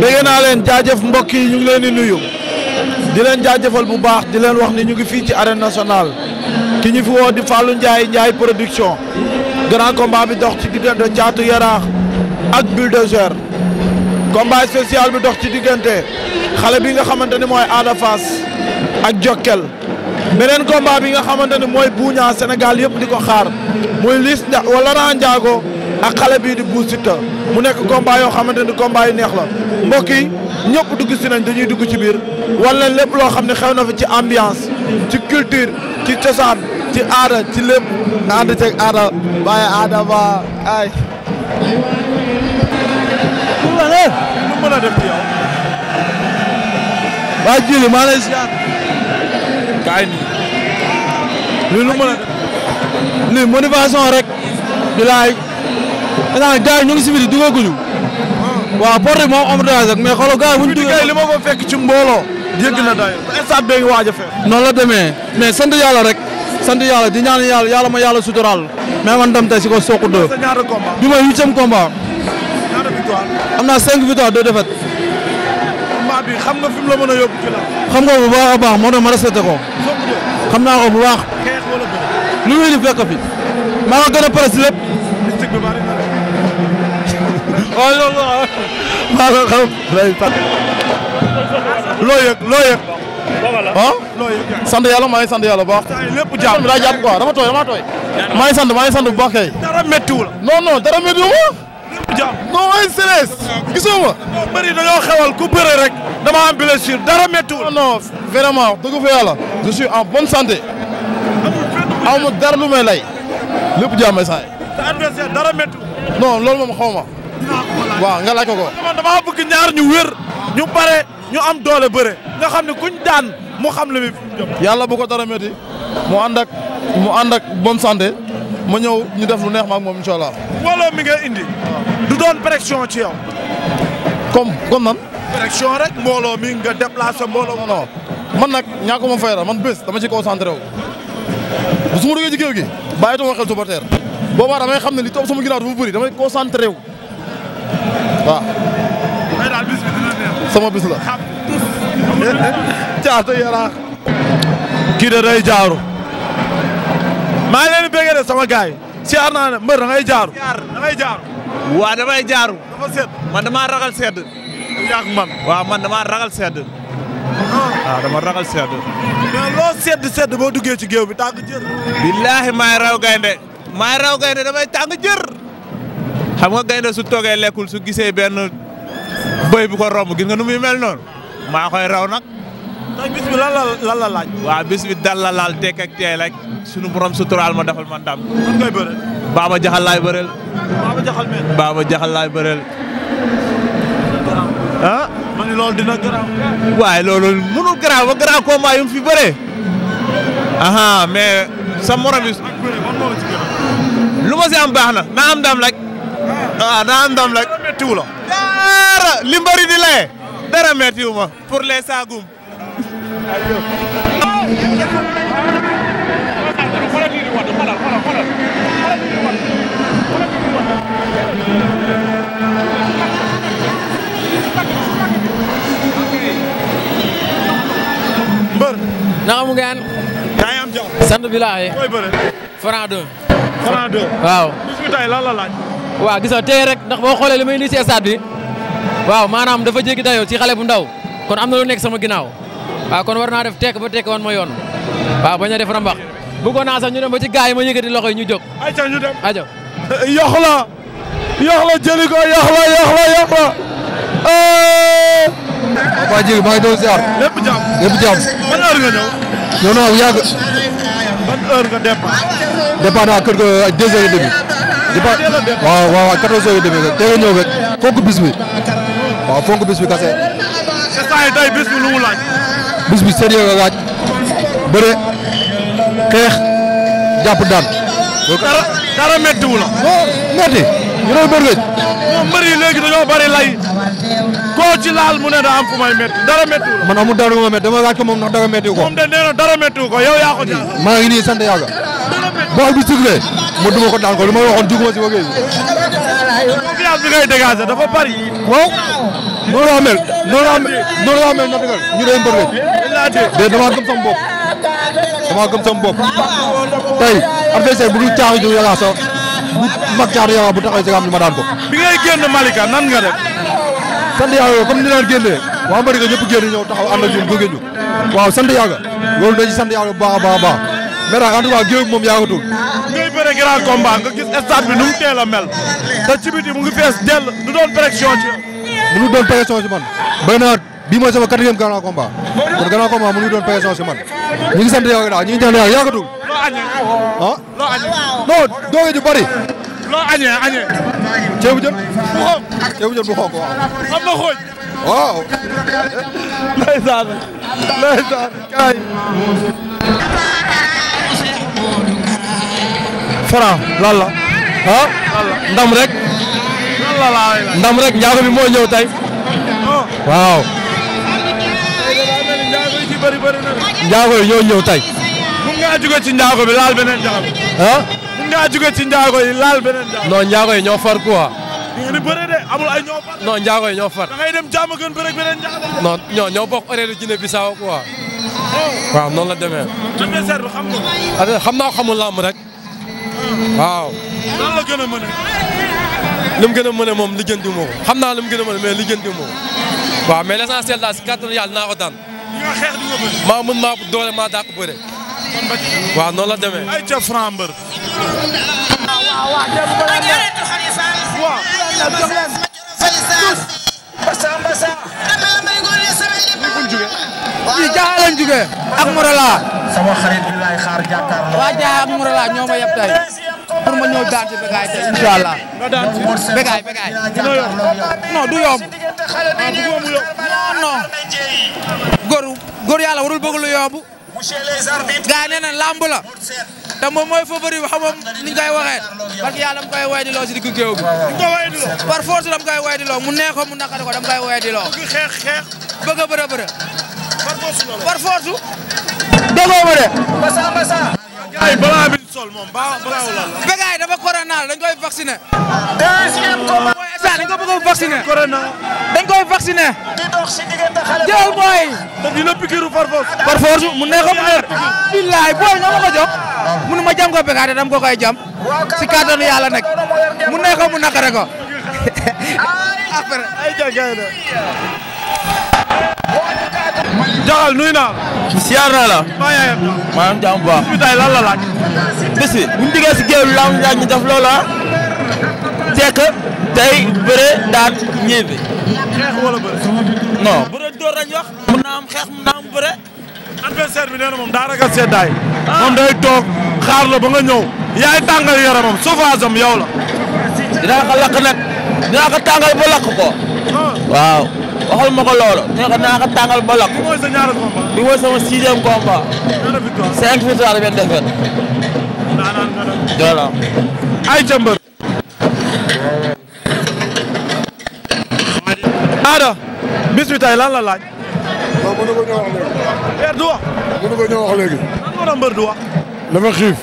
dégg naa leen jaajëf mbokk yi ñu ngi leen di nuyu di leen jaajëfal bu baax di leen wax ni ñu ngi fii ci arène nationale ki ñu fi woo di Fallou Ndiaye Ndiaye production grand combat bi dox ci diggante Thiatou Yarakh ak Bulldozer combat spécial bi dox ci diggante xale bi nga xamante ni mooy Ada Fass ak Jokkel beneen combat bi nga xamante ni mooy buuñaa Sénégal yëpp di ko xaar muy Liss wala Laurent ak xale bii di Bou Siteu mu nekk combat yoo xamante ni combat yu neex la mbokk yi ñëpp dugg si nañ dañuy dugg ci biir walla lépp loo xam ne xew na fi ci ambiance ci culture ci cosaan ci aada ci lépp nga ànd ceeg aada bàyyi aada ba ay. lu mën a def ci yow. waa Jili maa lay ziar. kaay nii. lu mën a. lii motivation rek. bilaay. xanaa gars yi ñu ngi si biir dugaguñu. waaw porte bi moom amul daal mais xoolal gars yi ñu duggee li ma ko fekk ci mbooloo. jéggi na a fekk. la demee mais sant yàlla rek. sant yàlla di ñaan yàlla yàlla ma yàlla suturaal. mais man dam tey si ko soq doo. bi ma huitième combat. ñaata naa cinq victoire deux défaites. combat bi xam nga fi la mën a yóbbu ci xam nga a baax moo tax ma ko. xam naa ko bu baax. lu muy di fekk fi. maa ngi gën a pare waaw loolu maa ko maa ngi sant yàlla bu baax. lépp jàmm daa jàpp quoi dama tooy dama tooy. maa ngi sant maa ngi sant bu baax kay. dara méttiwul. non non dara méttiwul ma. non ay séeréer. gisoo ma. non bëri ku bëre rek. dama blessure dara méttiwul. non vraiment dëgg fa yàlla. je suis en bonne santé. dara lu may lay. lépp jàmm ay saa non loolu moom xaw waaw nga laaj ko ko. damaa bëgg ñaar ñu wér. ñu bare ñu am doole bëre. nga xam ne kuñ daan mu xam li muy yàlla bu ko dara métti mu ànd mu ànd ak bonne santé mu ñëw ñu def lu neex ma ak moom incha allah. mbooloo mi nga indi. du doon pression ci yow. comme comme nan. pression rek mbooloo mi nga déplacé mbooloo. non non man nag ñak ma fayal man bés dama ci concentré wu. bu su ma duggee ci géew gi xel supporter. boobaa damay xam ne li topp sama ginnaaw dafa bëri damay concentré wu. waaw. Ah. mais daal bis bi dina kii de day jaaru. maa ngi leen di bëggee de sama gars naa ne mbër da jaaru. da damay jaaru. dafa sedd man damaa sedd. yàgg man waaw man damaa ragal sedd. waaw dama ragal sedd. loo sedd sedd boo duggee ci géew bi tàng jër. billaahi maay raw gaynde. maay raw gaynde damay tàng jër. xam nga gaynde su toogee lekkul su gisee benn bëy bu ko romb gis nga nu muy mel noonu maa koy raw nag. tey bis la la laaj. waaw bis dal la laal tekk ak teel rek sunu borom suturaal ma defal man ndam. man koy bëreel. Baba Jaxal laay bëreel. Baba Jaxal laay bëreel. Ah? loolu dina waaye loolu mënul garaaw ba garaaw combat yu fi bëree. aha mais sa morom bi. si am baax na na am ah daa ah, am la. dara li mbëri di laye dara méttiwu ma pour saagum. mbër. naka mu ngeen. yaa ngi am jàmm. sant bi laa ye. Franc waaw. waaw gis nga tey rek ndax boo xoolee li may indi si stade bi waaw maanaam dafa jéggi dayoo ci xale bu ndaw kon am na lu nekk sama ginnaaw kon war naa def tekk ba tekk woon ma yoon waaw bañ a def rambax bëggoon naa sax ñu dem ba ci gaay yi ma yëkkati loxo yi ñu jóg. ayca ñu dem ayca. yox la yox la jëli ko yox la yox la yox la. waa Jili maa ngi doon ziar. lépp jàmm lépp jàmm. ban heure ga di ba waaw waaw waaw quatorze heures et demi teel a ñëw rek fonk bis bi waaw fonk bis bi kase. saa yi tey bis bi lu mu laaj. bis bi sérieux la laaj bëre xeex jàpp daan. dara dara métti wu la. métti ñu doon bëri lañ. ñoom bëri léegi dañoo bëri lay koo ci laal mu ne daa am fu may métti dara métti wu la. man amul dara ma métti dama laaj ko moom ndax dara métti wu ko. moom de nee na dara métti wu ko yow yaa ko jaar. maa ngi nii sant yàlla. bool bi sifflé mu duma ko daan ko li ma waxoon juguma si wagee bi. confiance dafa bari. waaw noonu laa mel noonu laa mel ñu doon mbër lañ. de damaa gëm sama bopp damaa gëm sama bopp tey adversaire bu dul caaxi ju bu mag caaxi yàlla bu taxaw si nga ma daan ko. bi ngay Malika nan nga def. sant yàlla comme ni leen génnee waa Malika ñëpp génn ñëw taxaw ànd ak ñun gunge waaw sant yàlla loolu dañuy sant yàlla bu baax a a baax. Mera en tout cas géew moom yaa ko tuul. ngay bëre grand combat nga gis stade bi nu mu teel a mel. te ci biti mu ngi fees dell du doon pression ci yow. mënul doon pression ci man. béy na bii mooy sama quatrième grand combat kon grand combat mënul doon pression ci man ñu ngi sant yow daal ñu ngi ñaan yow yaa ko tuul. loo añee. ah loo añee. non doge ju bari. loo añee añee. ceebu jën. bu xonk ceebu jën bu xonk waaw. am na xooj. waaw. ndeysaan ndeysaan kaay. Franc lan la ah. ndam rek. ndam rek njaago bi moo ñëw tey. waaw. njaago yi ñoo ñëw tey. mun ngaa jóge ci njaago bi laal beneen njaago. ah. mun ngaa jóge ci njaago yi laal beneen njaago. non njaago far quoi. ni bëre de amul ay ñoo far. non njaago yi ñoo far. da ngay dem jàmm gën bëre beneen njaago. Oh. waaw noonu la demee. adversaire xam naa xamul làmb rek. waaw. lan la gën a mën a. li mu gën a mën a moom lijjanti moo xam naa li mu gën a mën a mais lijjanti moo waaw mais l' essentiel daal si kàttanu yàlla naa ko daan. di nga xeex di nga bëri. maa mën maa doole maa dàq bëre. waaw noonu la demee. ay ca franc mbër. waaw jaaxal lañ jugee ak Morala. sama xarit bi laay xaar jàkkaarloo. waa jaaxal ak Morala ñoo ma yab tey. pour ma ñëw daan ci Bécaye tey incha allah. nga daan ci Bécaye Bécaye. non du yomb. Ah, góor góor yàlla warul bëgg lu yomb. gars yi nee na làmb la. te moom mooy favori bi ni ñu koy waxee parce que mu koy woy di loo si diggu géew bi. mu koy woy di loo. par force la mu koy woy di loo mu neex ko mu naqari ko da mu koy woy di loo. bëgg xeex a par force par force. de. ay balaa bi sol moom baax balaaw la. Bécaye dafa corona dañ koy vacciné. mooy état dañ ko bëgg a vacciné. corona dañ koy vacciné. di dox si diggante xale jël booy. te dina pikiru par force. par force mu ne ko mu ne. billaay booy nga ma ko jox. mënu ma jam ko Bécaye dama ko koy jam. si kàttanu yàlla nag. mu ne ko mu naqare ko. après ay jàngat Jaxal nuyu naa la. siyaar naa la. maa ngi am maa ngi am bu baax. bis bi tey lan la laaj. bis tey bëre daan ñebe. xeex wala bëre. non bëre wax. mun naa xeex mun naa bëre. adversaire bi nee na moom daa ragal seddaay. Ah. moom toog xaar la ba nga ñëw. yaay tàngal yaramam sauvage am yow la. dinaa ko lakk nag dinaa ko tàngal ba lakk ko. Ah. waaw. waxal ma ko a ne ko naa ko tàngal ba lakk. bi mooy sa ñaareel combat. bi mooy sama sixième combat. ñaata victoire. cinq victoire benn ay jëmbër. la laaj. non mënu ko ñëw wax léegi. Père du wax. mënu ko ñëw wax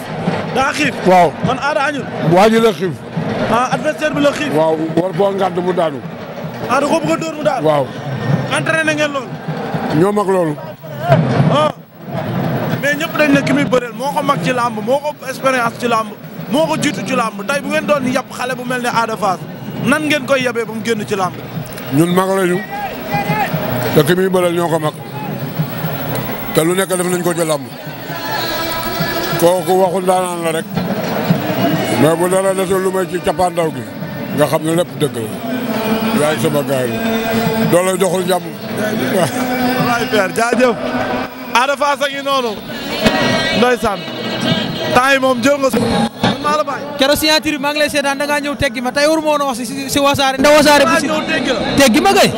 waaw man Ada añul. waa ñu la xiif. ah adversaire bi la waaw war boo ngàdd mu daanu. ah da koo a dóor mu daal. waaw. entraîné ngeen loolu. ñoo mag loolu. ah. mais ñëpp dañ ne ki muy moo ko mag ci làmb moo ko expérience ci làmb moo ko jiitu ci làmb tey bu ngeen doon yàpp xale bu mel ne Ada Fass nan ngeen koy yabee ba mu génn ci làmb. ñun mag lañu te ki muy bëreel ñoo ko mag te lu nekk def nañ ko ci làmb kooku waxul daanaan la rek mais bu dara desul lu may ci cappaandaw gi nga xam ne lépp dëgg la. yaay sama gaay doo lay doxul jàmm. wallaay père jaajëf. Ada Fass a ngi noonu. ndeysaan. temps yi la bàyyi. ngi lay seetaan da ngaa ñëw teggi ma tey waruma woon a wax si si wasaare ndax wasaare bu si teggi ma kay.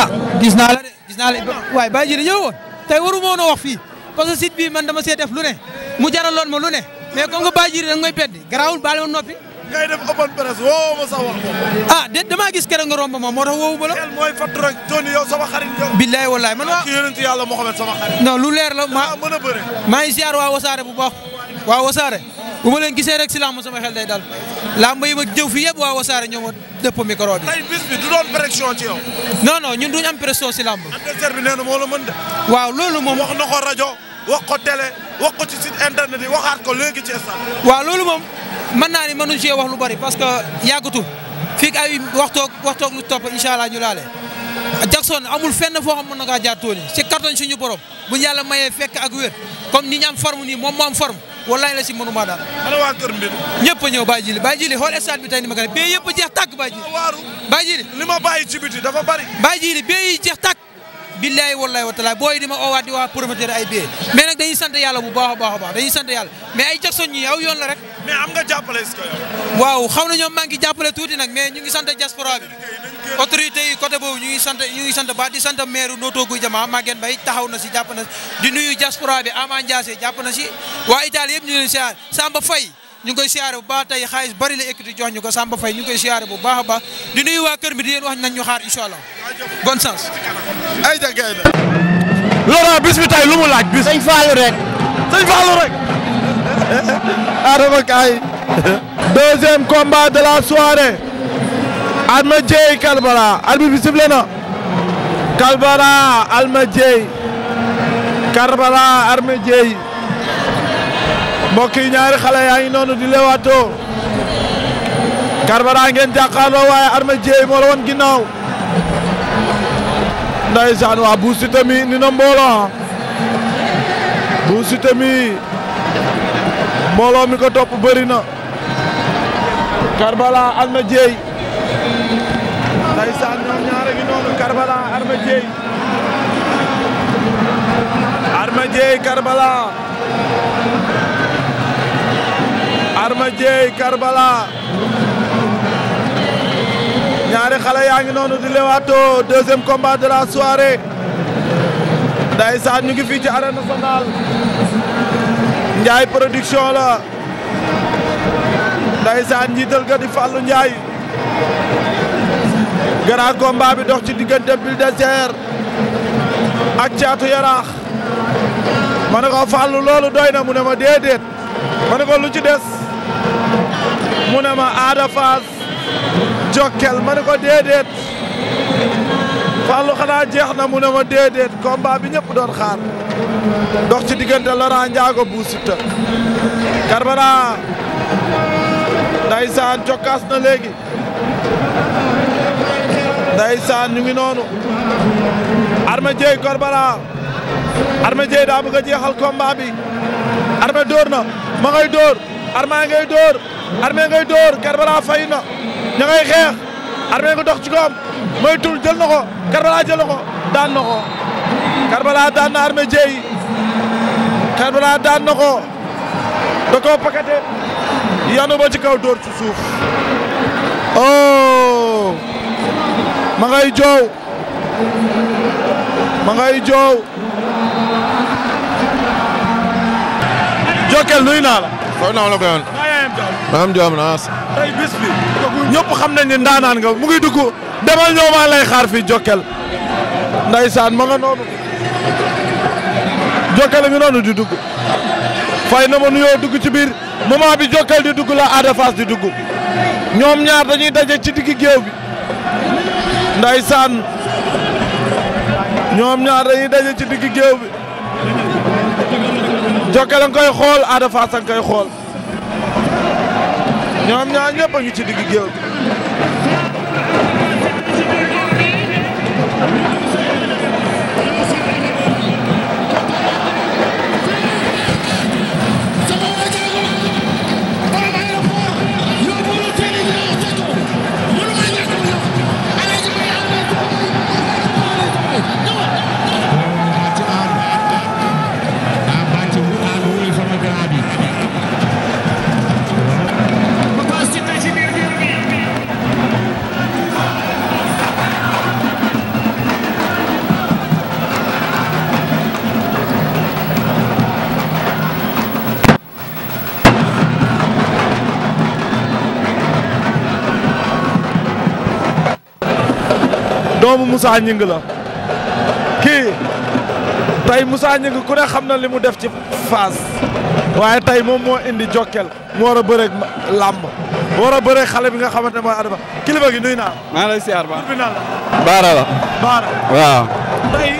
ah gis naa la de gis naa la waaye bàyyi ji di ñëw woon tey waruma woon a wax fii parce que site bi man ma see def lu ne mu loon ma lu ne mais comme que bàyyi ji da beddi garaawul baal ma noppi. ngay def open press woo ma ah, gis keroog nga romb ma moo tax woowu ma la. xel mooy fàttali rek Tony yow sama xarit yow. billaay wallaay man waa. Ah. kii yonent yàlla Mohamed sama xarit. non lu leer ma mën a bëre. maa ngi ziar waa wasaare bu baax waa wasaare bu ma leen gisee rek si làmb sama xel day dal làmb yi ma jëw fi yëpp waa wasaare ñoo ma dëpp micro bi. tey bis bi du doon pression ci yow. non si làmb. bi nee na moo la mën de. waaw loolu moom wax na rajo wax ko télé wax ko ci site internet yi waxaat ko léegi ci stade. waaw loolu moom mën naa ni mënuñ cee wax lu bari parce que yàggatul fii ay waxtoog waxtoog lu topp incha allah ñu laale Jackson amul fenn foo xam mën na kaa jaar tool yi ci carton suñu borom bu ñu yàlla mayee fekk ak wér comme ni ñu am moom moo am forme la si mënuma daal. ana waa kër mbir. ñëpp a ñëw Baye Jili Baye Jili xool stade bi tey ni ma ko def bee yëpp a jeex tàkk Baye Jili. waaw waaru li ma bàyyi ci bari. Baye Jili bee jeex tàkk. billaay wallaay wa taala booy di ma oowaat di wax promoteur ay billets mais nag dañuy sant yàlla bu baax a baax a baax sant yàlla mais ay Jackson ñi aw yoon la rek. mais am nga jàppale waaw xaw na ñoom maa ngi jàppale tuuti nag mais ñu ngi sant diaspora bi autorité yi côté boobu ñu ngi sant ñu ngi sant ba di sant maire Notto Gouye Diama Maguette Mbaye taxaw na si jàpp na si di nuyu diaspora bi Ama Ndiassé jàpp na si waa itaal yëpp ñu ngi leen siyaar Samba Faye ñu ngi koy siyaare bu baax tey xaalis bari la écriture jox ñu ko Samba Faye ñu ngi koy siyaare bu baax a baax di nuyu waa kër bi di leen wax nañ ñu xaar incha allah bonne chance. ay ja gay na. Laurent bis bi tey lu mu laaj bis. sëñ Fallou rek. sëñ Fallou rek. Adama Kaye. deuxième combat de la soirée. Alma Dieye Kalbara arbitre bi sifflé na. Kalbara Alma Dieye. Kalbara Alma Dieye. mbokk yi ñaari xale yaa ngi noonu di leewaatoo Karbala ngeen jàkkaarloo waaye Armé moo la woon ginnaaw ndeysaan waa Bou Siteu mi ni na mbooloo Bou Siteu mi mi ko topp bëri na Karbala Armé Dieye ndeysaan ñaare ngi noonu Karbala Armé Dieye Armé Arma Karbala ñaari xale yaa ngi noonu di lewato deuxième combat de la soirée ndeysaan ñu ngi fii ci arène nationale Ndiaye production la ndeysaan njiital ga di Fallou Ndiaye grand combat bi dox ci diggante Bulldozer ak Caatu Yaraax ma ne ko loolu doy na mu ne ma déedéet ma ne ko des mu ne ma Ada Jokkel ma ne déedéet Fallou xanaa jeex na mu ne ma déedéet combat bi ñëpp doon xaar dox ci diggante Laurent Ndiago Bou Siteu Karbala ndaysaan jokkaas na léegi ndaysaan ñu ngi noonu Armé Dieye Karbala Armé Dieye daa bëgg a jeexal combat bi Armé dóor na ma ngay dóor Armé ngay dóor Armé ngay dóor Karbala fay na ña xeex Armé nga dox ci koom mooy tul jël na ko Karbala jël na ko daan na ko daan na Armé Jéy Karbala daan ba ci kaw dóor ci suuf oh! joow ma joow Jokal nuyu naa la. foofu naa la ko maam Diop naas. tey bis bi. ñëpp xam nañ ne ndaanaan nga mu ngi dugg demal ñoo maa lay xaar fii Jokal. Ndeysaan ma nga noonu. Jokal ngi noonu di dugg. fay na ma nuyoo dugg ci biir moment bi Jokal di dugg la Ada di dugg. ñoom ñaar dañuy daje ci digg géew bi. Ndeysaan ñoom ñaar dañuy daje ci digg géew bi. Jokal nga koy xool Ada Fass nga koy xool. ñoom ñaar ñëpp a ngi ci digg géew doomu Moussa Gningue la kii tey Moussa Gningue ku ne xam na li mu def ci Fass waaye tey moom moo indi Jokkel mu war a bëreeg làmb war a bëreeg xale bi nga xamante ne mooy Adama kilifa gi nuyu naa. maa ngi lay siyaar ba tur bi waaw. tey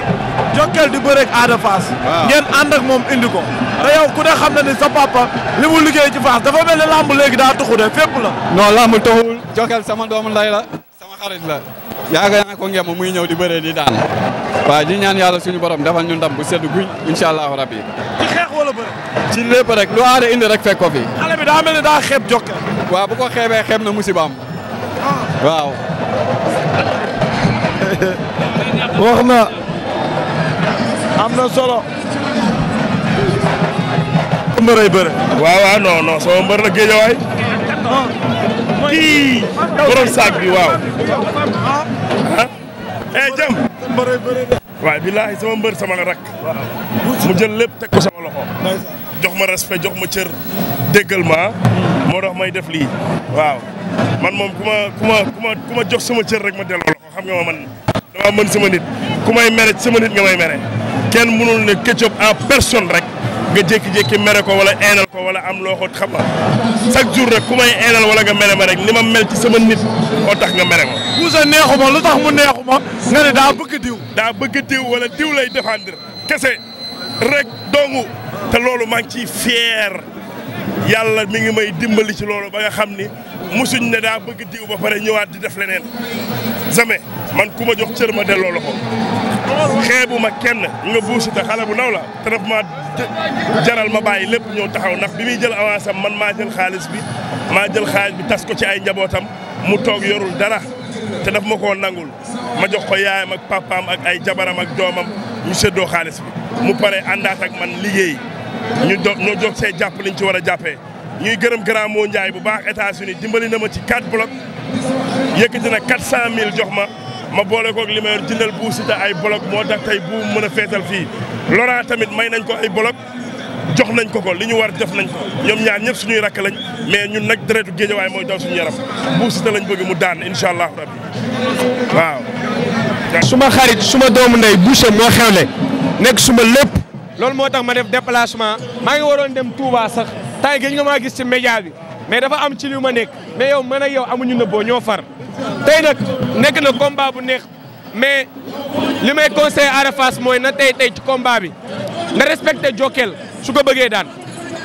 Jokkel di bëreeg Ada Fass. waaw ngeen ànd ak moom indi ko. te yow ku ne xam na ni sa papa li mu liggéey ci Fass dafa mel ne làmb léegi daa tuxu de fépp la. non làmb taxul. Jokkel sama doomu nday la. sama xarit la. yaaga naa ko ngeem muy ñëw di bëree di daan waaw di ñaan yàlla suñu borom defal ñu ndam bu sedd guy incha allahu rabbi ci xeex rek lu aada indi rek fekk ko fi bu ko xeebee xeeb na musibaam ah. waaw wax am na solo mbëray bëre waaw waaw non non sama mbër la géejawaay ah. kii borom bi waaw ah. eh jëm. waaw billaahi sama mbër sama rakk. mu jël lépp teg ko sama loxo. jox ma respect jox ma cër déggal ah. moo tax may def lii. waaw man moom ku ma ku ma ku ma ku ma jox sama cër rek ma delloo loxo xam nga ma man sama nit ku may mere sama nit nga may kenn mënul ne Ketchup en personne rek. nga jékki-jékki mere ko wala eenal ko wala am loo ko xam nga chaque jour rek ku may wala nga mere ma rek ni ma mel ci sama nit moo tax nga mere ma neexu neexuma lu tax mu neexuma nga ne daa bëgg diw daa bëgg diw wala diw lay défendre kese rek dongu te loolu maa ngi ciy fier yàlla mi ngi may dimbali ci loolu ba nga xam ni musuñ ne daa bëgg diw ba pare ñëwaat di def leneen jamais man ku ma jox cër ma delloo la ko xeebu ma kenn nga buusi te xale bu ndaw la te daf ma jaral ma bàyyi lépp ñëw taxaw ndax bi muy jël avance man maa jël xaalis bi maa jël xaalis bi tas ko ci ay njabootam mu toog yorul dara te daf ma nangul ma jox ko yaayam ak papaam ak ay jabaram ak doomam ñu séddoo xaalis bi mu pare àndaat ak man liggéey ñu do ñoo jóg see jàpp liñ ci war a jàppee ñuy gërëm grand moo Ndiaye bu baax États-Unis dimbali na ma ci 4 bloc yëkkati na 400000 jox ma ma boole koog li ma yor jëndal bu Siteu ay bloc moo tax tey bu mën a feetal fii Laurent tamit may nañ ko ay bloc jox nañ ko ko li ñu war def nañ ko ñoom ñaar ñëpp suñuy rakk lañ mais ñun nag deretu géejawaay mooy daw suñu yaram Bou Siteu lañ bëgg mu daan incha allahu rabbi waaw. suma xarit suma doomu ndey Boucher moo xewle nekk suma lépp loolu moo tax ma def déplacement maa ngi waroon dem Touba sax temps yii nga maa gis ci média bi mais dafa am ci li ma nekk mais yow man ak yow amuñu boo ñoo far tey nag nekk na komba bu neex mais li may conseillé Ada Fass mooy na tey tey ci combat bi na respecté Jokal. su ko bëggee daan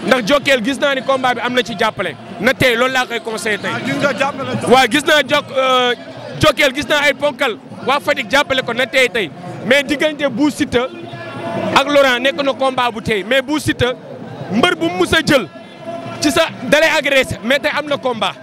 ndax Jokal gis naa ni combat bi am na ci jàppale na tey loolu laa koy conseillé tey. Ah, waa gis naa jok euh, Jokal gis naa ay ponkal waa Fatick jàppale ko na tey tey mais diggante bu Siteu ak Laurent nekk na combat bu tey mais bu Siteu mbër bu mu jël ci sa dalay agressé mais tey am na combat.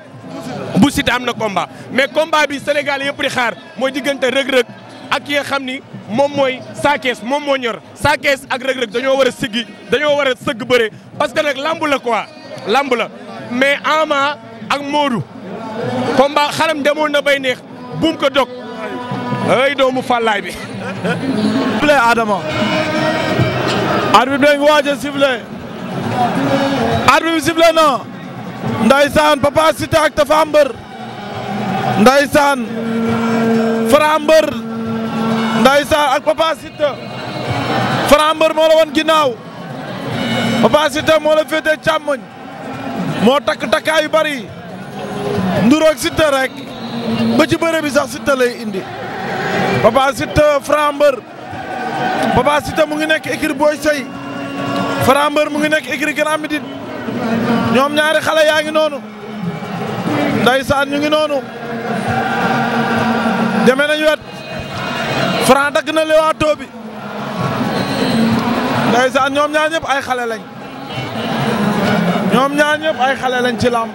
bu Siteu am na combat mais combat bi Sénégal yëpp di xaar mooy diggante rëg-rëg. ak ki nga xam ni moom mooy saakees moom moo ñor saakees ak rëg-rëg dañoo war a siggi dañoo war a sëgg bëre parce que nag lamb la quoi lamb la mais Ama ak Modou combat xalam na bay neex buum ko dog ay doomu fàllaay bi sifflé Adama arbitre bi ngi waaj a sifflé arbitre bi sifflé na ndaysaan Papa Cité ak Ndeysaan ak Papa Siteu Franc moo la woon ginnaaw Papa Siteu moo la féetee càmmoñ moo takk takkaay yu bari nduroog Siteu rek ba ci bëre bi sax Siteu lay indi Papa Siteu Franc Mbeur Papa mu ngi nekk écurie Boy Sey Franc mu ngi nekk écurie Grand Médine ñoom ñaari xale yaa ngi noonu ndeysaan ñu ngi noonu deme nañu wet Franc dagg na lewaatoo bi ndeysaan ñoom ñaar ñëpp ay xale lañ ñoom ñaar ñëpp ay xale lañ ci làmb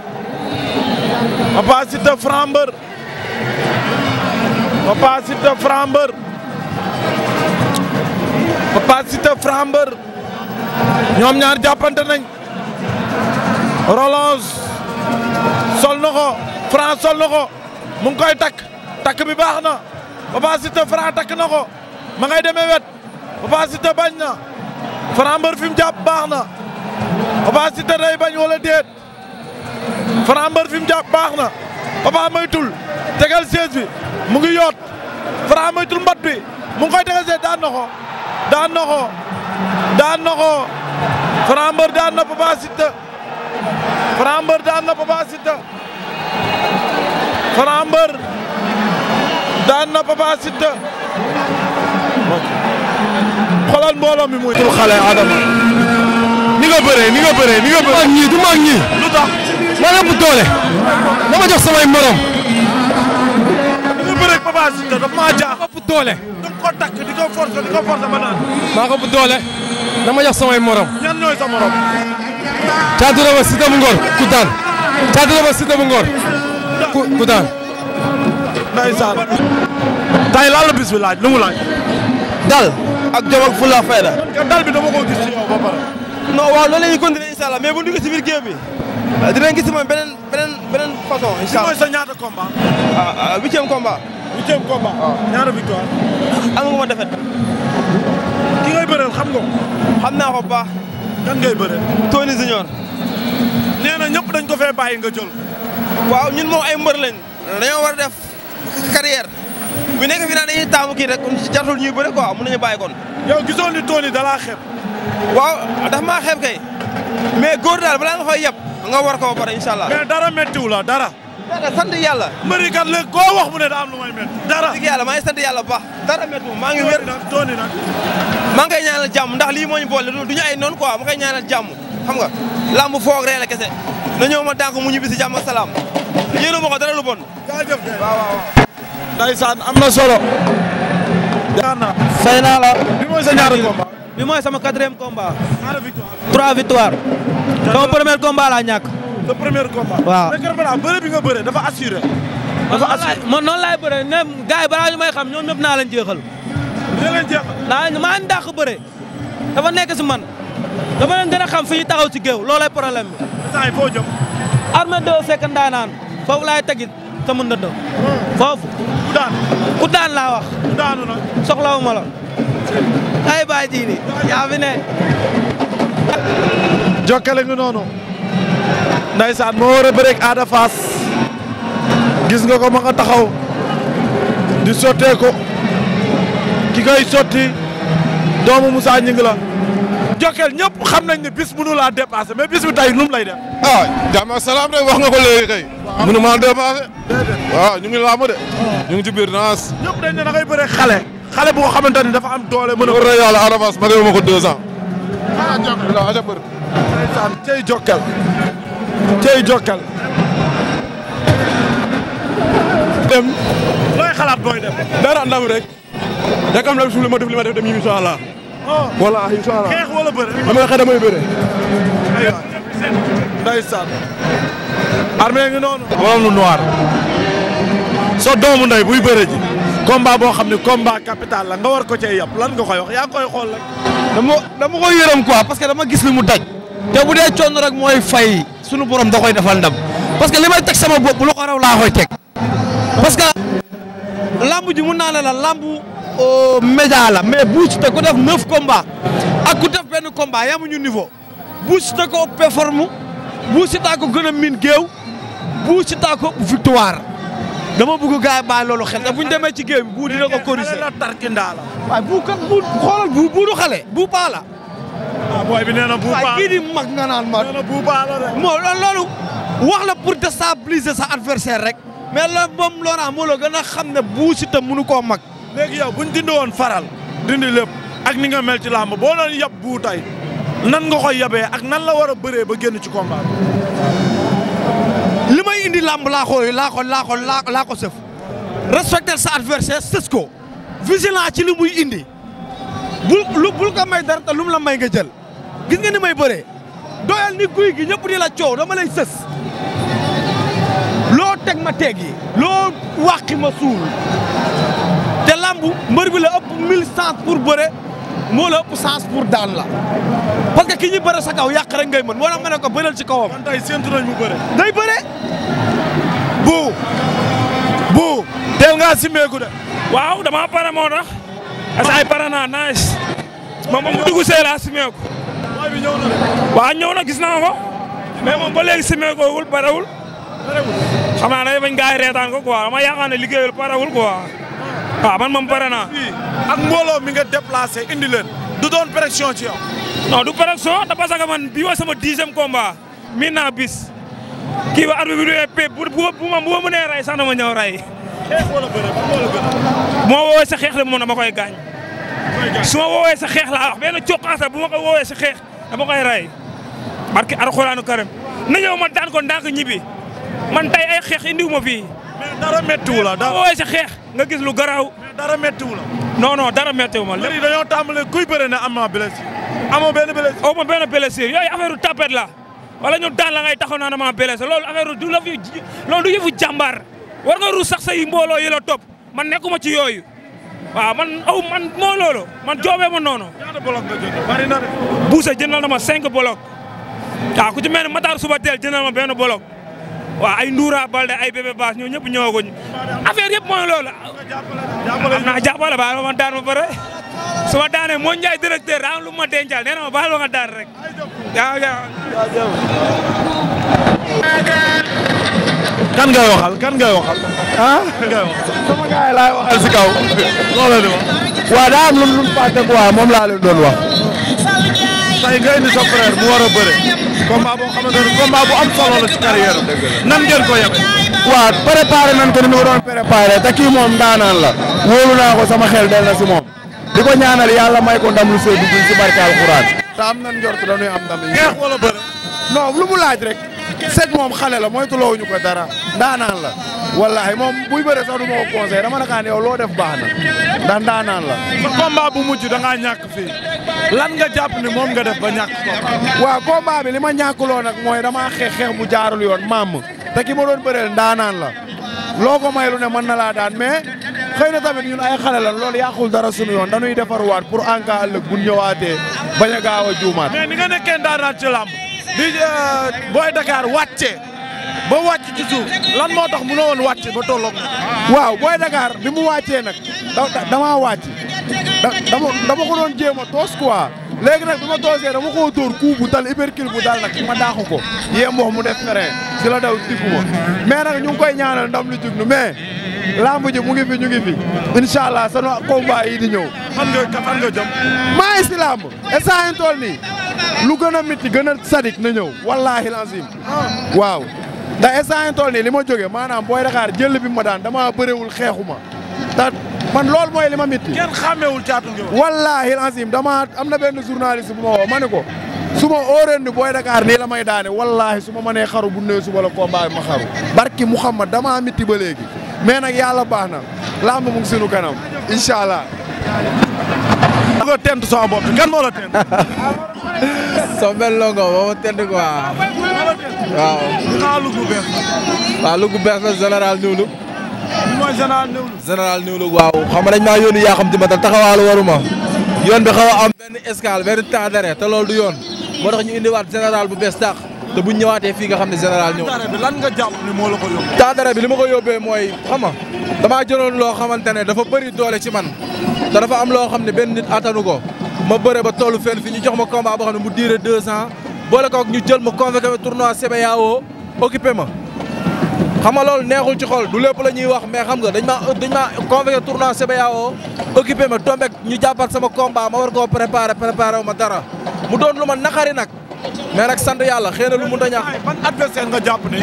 Papa Siteu Franc mbër Papa Siteu Franc mbër Papa Siteu Franc mbër ñoom ñaar jàppante nañ relance sol na Franc sol na mu ngi koy takk takk bi baax na Papa Siteu Franc takk na ko ma ngay demee wet Papa Siteu bañ na Franc mbër fi mu jàpp baax na Papa Siteu day bañ wala déet Franc mbër fi mu jàpp baax na Papa maytul tegal siège bi mu ngi yoot Franc moytul mbat bi mu ngi koy tegal siège daan na ko daan na ko daan na daan na Papa Siteu Franc mbër daan na Papa Siteu Franc mbër daan na Papa Siteu xoolal mbooloo mi muy. xale Adama ni nga bëree ni nga bëree ni nga bëree. du mag ñi du mag ñi. lu tax man ëpp doole. dama jox samay morom. ni nga bëree Papa Siteu daf maa jaaxal. ëpp doole. da ko takk di ko forcer di ko forcer ba naan. maa ko ëpp doole. dama jox samay morom. ñan ñooy sa morom. caatu raba Siteu bu ngor ku daan. caatu raba Siteu bu ngor ku daan. ndeysaan tey lan la bis bi laaj lu mu laaj dal ak jom ak fulla fayda dal bi dama ko gis ci yow ba pare non waaw loolu la ñuy continuer incha allah mais bu ñu dugg euh, gis moom beneen beneen beneen façon incha allah mooy sa ñaata combat ah, ah huitième combat huitième ah. ma defet ki ngay bëreel xam nga ko xam naa ko bu baax kan ngay bëreel na dañ ko fee bàyyi nga jël waaw ñun moom ay mbër lañ dañoo a carrière bu nekk fi naan dañuy taamu kii rek jartul ñuy bëre quoi mën nañu bàyyi kon. yow gisoon ni tool yi da laa xeeb. waaw daf maa xeeb kay mais goor daal balaa nga koy yeb war ko ba pare incha allah. mais dara la dara. dara sant yàlla. mbëri kat léegi koo wax mu ne daa am lu may métti. dara dëgg yàlla maa ngi sant yàlla bu baax. dara méttiwul maa ngi wér. tool yi nag tool yi nag. maa ndax lii moo ñu boole du ñu ay noonu quoi ma koy ñaanal jàmm xam nga làmb foog ree la kese na ñëw ma dànk mu ñibbi si jàmm salaam yéenu ma ko dara lu bon. jaajëf de waaw waaw. ndeysaan na solo. fay naa la. bi mooy sa ñaari combat. bi mooy sama quatrième victoire. trois victoire. premier combat laa ñàkk. sa premier combat. dafa assuré. dafa assuré man noonu laay bëree ne gars yi balaa ñu may xam naa la jeexal. dina leen jeexal. naa maa ngi dàq dafa nekk si man. dama leen gën a xam fi ñu taxaw ci géew loolay problème bi. saa yi foo jëm. ndaanaan foofu laay tegit sama ndënd. Hmm. foofu. ku daan ku daan laa wax. ku daanu na soxlawuma la. ay baay jiini yaa fi ngi noonu. ndaysaan moo war a bëreeg Ada Fass. gis nga ko ma nga taxaw. di sotteeku. ki koy sotti doomu Moussa Gningue la. Jokal ñëpp xam nañ ne bis mënu laa dépassé mais bis bi tey nu mu lay def. ah jàmm ak salaam rek wax nga ko léegi kay. waaw mënu maa dépassé. waaw ñu ngi laamu de. Ah. ñu ngi ci biir naas. ñëpp dañ ne da ngay bëre xale. xale bu nga xamante ni dafa am doole mën a. war na yàlla Arafas ma ma ko deux ans. ah Jokal waaw aja bër. cey Jokal cey Jokal. dem. looy xalaat booy dem. dara ndam rek. yaakaar naa ne suuf li ma def li ma def dem incha allah. voilà incha allah xeex wala bëre. dama xeex damay ngi noonu. waroon noir. so doomu ndey buy bëre ji. combat boo xam ne combat capital la nga war ko cee yab lan nga koy wax yaa koy xool rek. dama dama koy yërëm quoi parce que dama gis li mu daj. te bu dee coono rek mooy fay sunu borom da koy defal ndam parce que li may teg sama bopp lu ko raw laa koy teg. parce que ji mun naa ne la lamb. média la mais Bou Siteu ku def neuf combat ak ku def benn combat yamuñu niveau Bou Siteu ko performe Bou ko gën a miin géew Bou Siteu ko victoire dama bëgg gars yi bàyyi loolu xel te bu demee ci géew bi bu dina ko corriger la tarkindaa la waaye bu kat xale bu ah, paa la kii di mag nga naan ma bu paa la la pour déstabiliser sa rek mais la moom loonaa gën a xam ne Bou Siteu mënu koo mag léegi yow buñ dindi woon faral dindi lépp ak ni nga mel ci làmb boo doon yab buu nan nga koy yabee ak nan la war a bëree ba génn ci combat li may indi làmb laa ko laa laaxoo laa ko laa ko sëf respecter sa adversaire sës ko vigilant ci li muy indi bul lu bul ko may dara te lu mu la may nga jël gis nga ni may bëree doyal ni guy gi ñëpp di la coow dama lay sës loo teg ma teg yi loo wàqi ma suul lamb mbër bi la ëpp mille chance pour bëre moo la ëpp chance pour daan la parce que bëre sa kaw yàq rek ngay mën moo tax ma ne ko ci kawam. man bëre. bu bu teel ngaa simeeku de. waaw dama pare moo tax. parce que ay pare naa nice. moom mu dugg see simeeku. waaw ñëw na de. waaw ñëw na gis naa ko. mais moom ba léegi simeekoowul parewul. parewul xam naa day bañ gars reetaan ko quoi dama yaakaar ne liggéeyul parewul quoi. waaw ah, man moom pare naa. ak mbooloo mi nga déplacé indi leen. du doon pression ci yow. du pression da parce que man bii mooy sama dixième combat. miin naa bis. kii ba arbitre bi du épée bu bu ma bu ma mënee rey sax na ma ñëw woowee sa xeex la moom dama koy gaañ. su ma woowee sa xeex laa wax benn coqaata bu ma ko woowee sa dama koy barke alxuraanu karim na ñëw ma daan ko ndànk ñibbi man tey ay xeex indiwu ma fii. mais dara méttiwu la dara woowee sa xeex nga gis lu garaaw. dara méttiwu la. dara méttiwu ma. lépp dañoo tàmbale kuy bëre ne am naa blessure. amoo benn blessure. amoo benn yooyu affaire tapet la wala ñu daan la taxaw naa dama blessé loolu affaire du la fi loolu du yëfu jàmbaar war nga ruus sax say mbooloo yi la topp man nekkuma ci yooyu waaw man aw man moo man joobee ma noonu. ñaata bolok na ma 5 bolok waaw ku ci mel ne Matar suba teel jëndal ma benn bolok. waaw ay nduuraa Balde ay bébé Baas ñoo ñëpp ñëwaguñ affaire yëpp mooy loolu. am naa jàppale baal ma ma daan ba pare su daanee moo Ndiaye directeur daa am ma dencal nee ma baal ma daan rek kan ngay waxal kan ngay waxal. ah ngay waxal sama si kaw. loolu di wax. waaw daa am lu mu fàtte moom laa leen doon wax. tey ngay mu war a combat boo xamante ne combat bu am solo la ci carrière nan ngeen ko yëg. waaw préparé nan ko doon préparé te moom daanaan la wóolu naa ko sama xel del na moom di ko ñaanal yàlla may ko ndam lu sooy dugg ci barke alxuraan. te am nan njort dañuy am ndam yi. xeex lu mu laaj rek. set moom xale la moytuloo wuñu ko dara daanaan la. wallaahi moom buy bëre sax du ma ko conseillé dama nakaan ah, yow loo def baax na ndax ndaanaan la sa combat bu mujj da ngaa ñàkk fii lan nga jàpp ni moom nga def ba ñàkk ko waaw combat bi li ma ñàkkuloo nag mooy damaa xeex xeex mu jaarul yoon maam te ki ma doon bëreel ndaanaan la loo ko may lu ne mën na laa daan mais xëy na tamit ñun ay xale lan yaa yàqul dara sunu yoon dañuy defarwaat pour en cas ëllëg bu ñëwaatee bañ a gaaw a juumaat mais ni nga nekkee ndaanaan ci làmb di euh, booy Dakar wàcce ba wàcc ci suuf lan moo tax mënoo woon wàcc ba tolloog waaw booy Dakar bi mu wàccee nag dama wàcc dama dama ko doon jéem a toos a léegi nag bi ma toosee dama koo dóor coup bu dal hypercule bu dal nag ma daaxu ko yéem wax mu def frein si la daw diggu ma mais nag ñu ngi koy ñaanal ndam lu jugnu mais lamb ji mu ngi fi ñu ngi fi incha allah sanu combat yi di ñëw fan nga fan nga jëm maa ngi si lamb instant yi tool lu gën a métti gën a sadik na ñëw wallaahi lazim ah. waaw ndax instant yii toll nii li ma jógee maanaam booy Dakar jël bi ma daan damaa bëriwul xeexu ma te man loolu mooy li ma métti. kenn xàmmeewul caatu ngeewal. wallaahi azim dama am na benn journaliste bu ma woo ma ne ko su ma óoreen ni booy Dakar nii la may daane wallaahi su ma mënee xaru bu nee suba la combat bi ma xaru. barki Muhammad damaa métti ba léegi mais nag yàlla baax na lamb mu ngi sunu kanam incha maa ko tent sama bopp kan moo la tent. soo mel longo moo ma tent waaw. xanaa lu gu bees la. waaw lu gu bees la waaw xam nga dañ maa yónni yaa xam te ma taxawaalu waruma. yoon bi xaw a am benn escale benn temps d'arrêt te loolu du yoon. moo tax ñu indiwaat bu bees tax. te bu ñëwaatee fii nga xam ne général ñëw. tardé lan nga jàpp ni moo la ko yóbbee. tardé ma ko yóbbee mooy xam nga damaa jëloon loo xamante ne dafa bëri doole ci man dafa am loo xam ne benn nit attanu ko ma bëre ba tollu fenn fi ñu jox ma combat boo xam ne mu diire deux ans boole koog ñu jël ma convoqué ma tournoi CBAO occupé ma. xam nga loolu neexul ci xool du lépp la ñuy wax mais xam nga dañ maa dañ maa convoqué tournoi CBAO occupé ma tombé ñu jàppat sama combat ma war koo préparé préparé wu ma dara mu doon lu ma naqari nag. mais nag sant yàlla xëy na lu mu a ñàkk. ban adversaire nga jàpp ni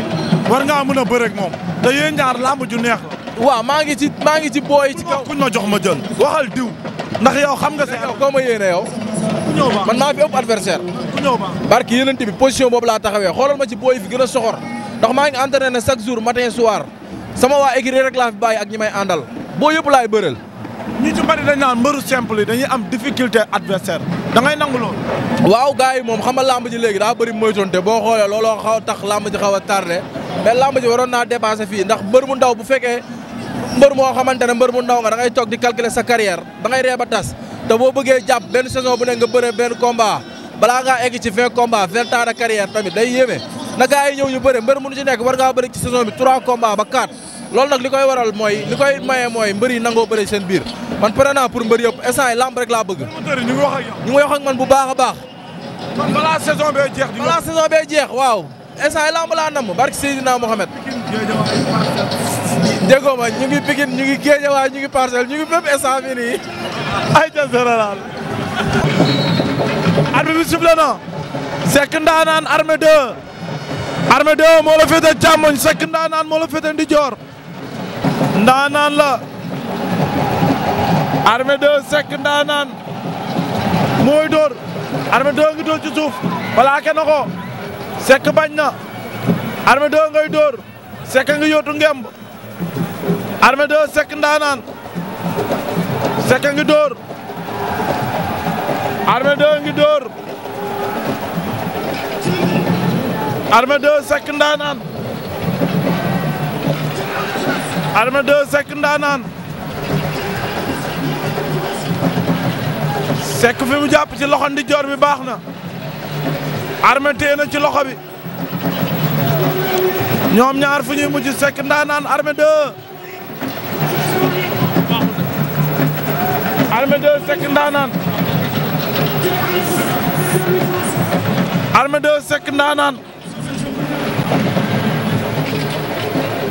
war ngaa mën a bëreeg moom te yéen ñaar làmb ju neex la. waaw maa ngi ci maa ngi ci booy ci kaw kuñ ma jox ma jël. waxal diw ndax yow xam nga. sa yow koo ma yéene yow. man maa fi ëpp adversaire. ku ñëw ba barki yeneen bi position boobu laa taxawee xoolal ma ci booy fi gën a soxor ndax maa ngi entraîné chaque jour matin soir sama waa écurie rek laa fi bàyyi ak ñi may àndal boo yëpp laay bëreel ñu ci bari dañ naan mbëru simple yi dañuy am difficulté adversaire da ngay nangu loolu. waaw gars yi moom xam nga làmb ji léegi daa bëri moytonte boo xoolee looloo xaw tax làmb ji xaw a tardé mais làmb ji waroon naa dépassé fii ndax mbër mu ndaw bu fekkee mbër moo xamante ne mbër mu ndaw nga da ngay toog di calculer sa carrière da ngay reeba tas te boo bëggee jàpp benn saison bu ne nga bëre benn combat balaa ngaa egg ci vingt combat vingt ans de carrière tamit day yéeme na gars yi ñëw ñu bëre mbër mu nu ci nekk loolu nag li koy waral mooy li koy maye mooy mbër yi nangoo bëre seen biir man pare naa pour mbër yëpp instant yi rek laa bëgg. ñu ngi man bu baax a baax. kon balaa saison bee jeex. di balaa bee jeex waaw. instant yi lamb laa namm barke naa Mohamed. déggoo ma ñu ngi Pikine ñu ngi Guédiawaye ñu ngi Parcelles ñu ngi bépp instant fii nii. ay ca général. bi sifflé na. Seck Ndanane armée 2. armée 2 moo la féete càmmoñ Seck Ndanane moo la ndaanaan la Armé 2 Seck ndaanaan mooy dóor Armé 2 ngi dóor ci suuf plaqué na ko Seck bañ na Armé 2 ngay dóor Seck ngi yóotu ngemb Armé 2 Seck ndaanaan Seck ngi dóor Armé 2 ngi dóor Armé 2 Seck ndaanaan Adama 2 Seck ndaanaan Seck fi mu jàpp ci loxo ndijoor bi baax na Adama téye ci loxo bi ñoom ñaar fu ñuy mujj Seck ndaanaan Adama 2 Adama 2 Seck ndaanaan Adama 2 Seck ndaanaan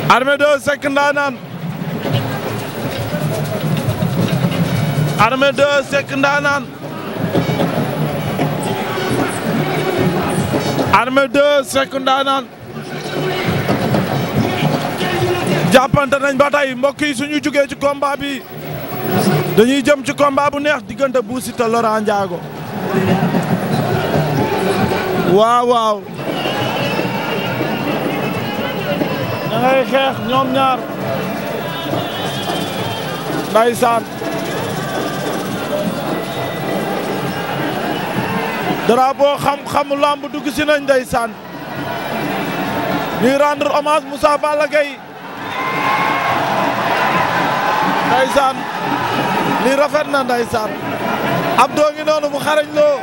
Armé 2 Seck Ndanane Armé 2 Seck Ndanane Armé 2 Seck Ndanane jàppante nañ ba tey mbokk yi suñu jugee ci combat bi dañuy jëm ci combat bu neex diggante Bou Siteu Laurent Ndiago waaw waaw da ngay xeex ñoom ñaar ndaysaan drapeau xam-xamu lamb dugg si nañ ndaysaan ñuy rendre hommage Moussa Balla gay ndaysaan lii rafet na ndaysaan Abdou ngi noonu mu xarañ loo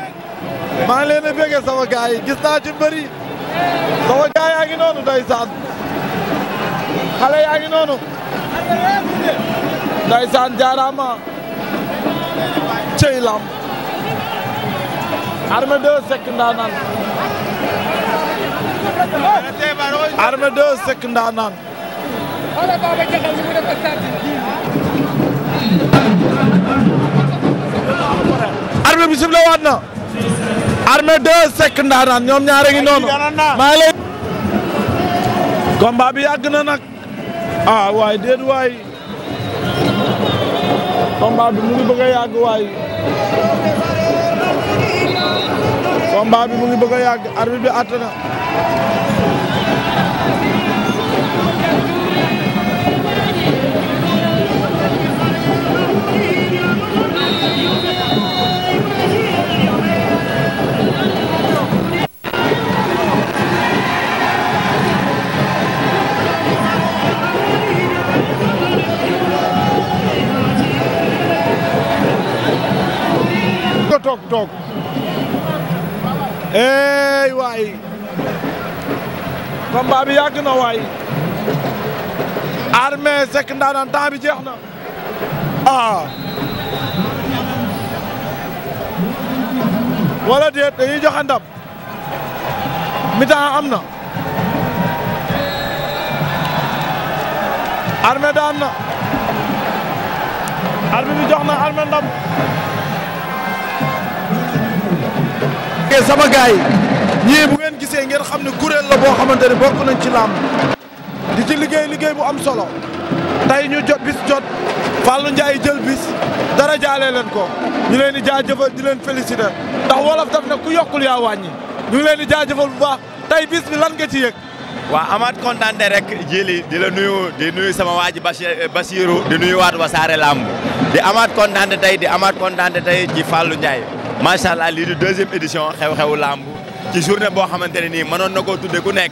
maa ngi leen di béggee sama gaay yi gis naa ci mbëri sama a yaa ngi noonu ndaysaan xale yaa ngi noonu ndaysaan jaaraama cey lam Armé 2 Seck Ndanane Armé 2 Seck Ndanane Armé ngi noonu maa ngi lay combat bi nag ah waay déet waay combat bi mu ngi bëgg a yàgg waay bi mu ngi bëgg a yàgg arbitre bi àtt toog toog eey waay combat bi yàgg na waay Armé Seck ndaanaan temps bi jeex na ah wala déet dañuy joxe ndam mi-temps am na Armé daan na arbitre bi jox na Armé ndam màggee sama gaay ñii bu ngeen gisee ngeen xam ne kuréel la boo xamante ne bokk nañ ci làmb di ci liggéey liggéey bu am solo tey ñu jot bis jot Fallou Ndiaye jël bis dara jaale leen ko ñu leen di jaajëfal di leen féliciter ndax wolof daf ne ku yokkul yaa wàññi ñu ngi leen di jaajëfal bu baax tey bis bi lan nga ci yëg. waa amaat kontaan rek jili di la nuyu di nuyu sama waa ji Basiru eh, di nuyu waat Wassare Lamb di amaat kontaan tey di amaat kontaan tey ci Fallou macha allah lii di deuxième édition xew-xewu làmb ci journée boo xamante ne nii mënoon na koo tudde ku nekk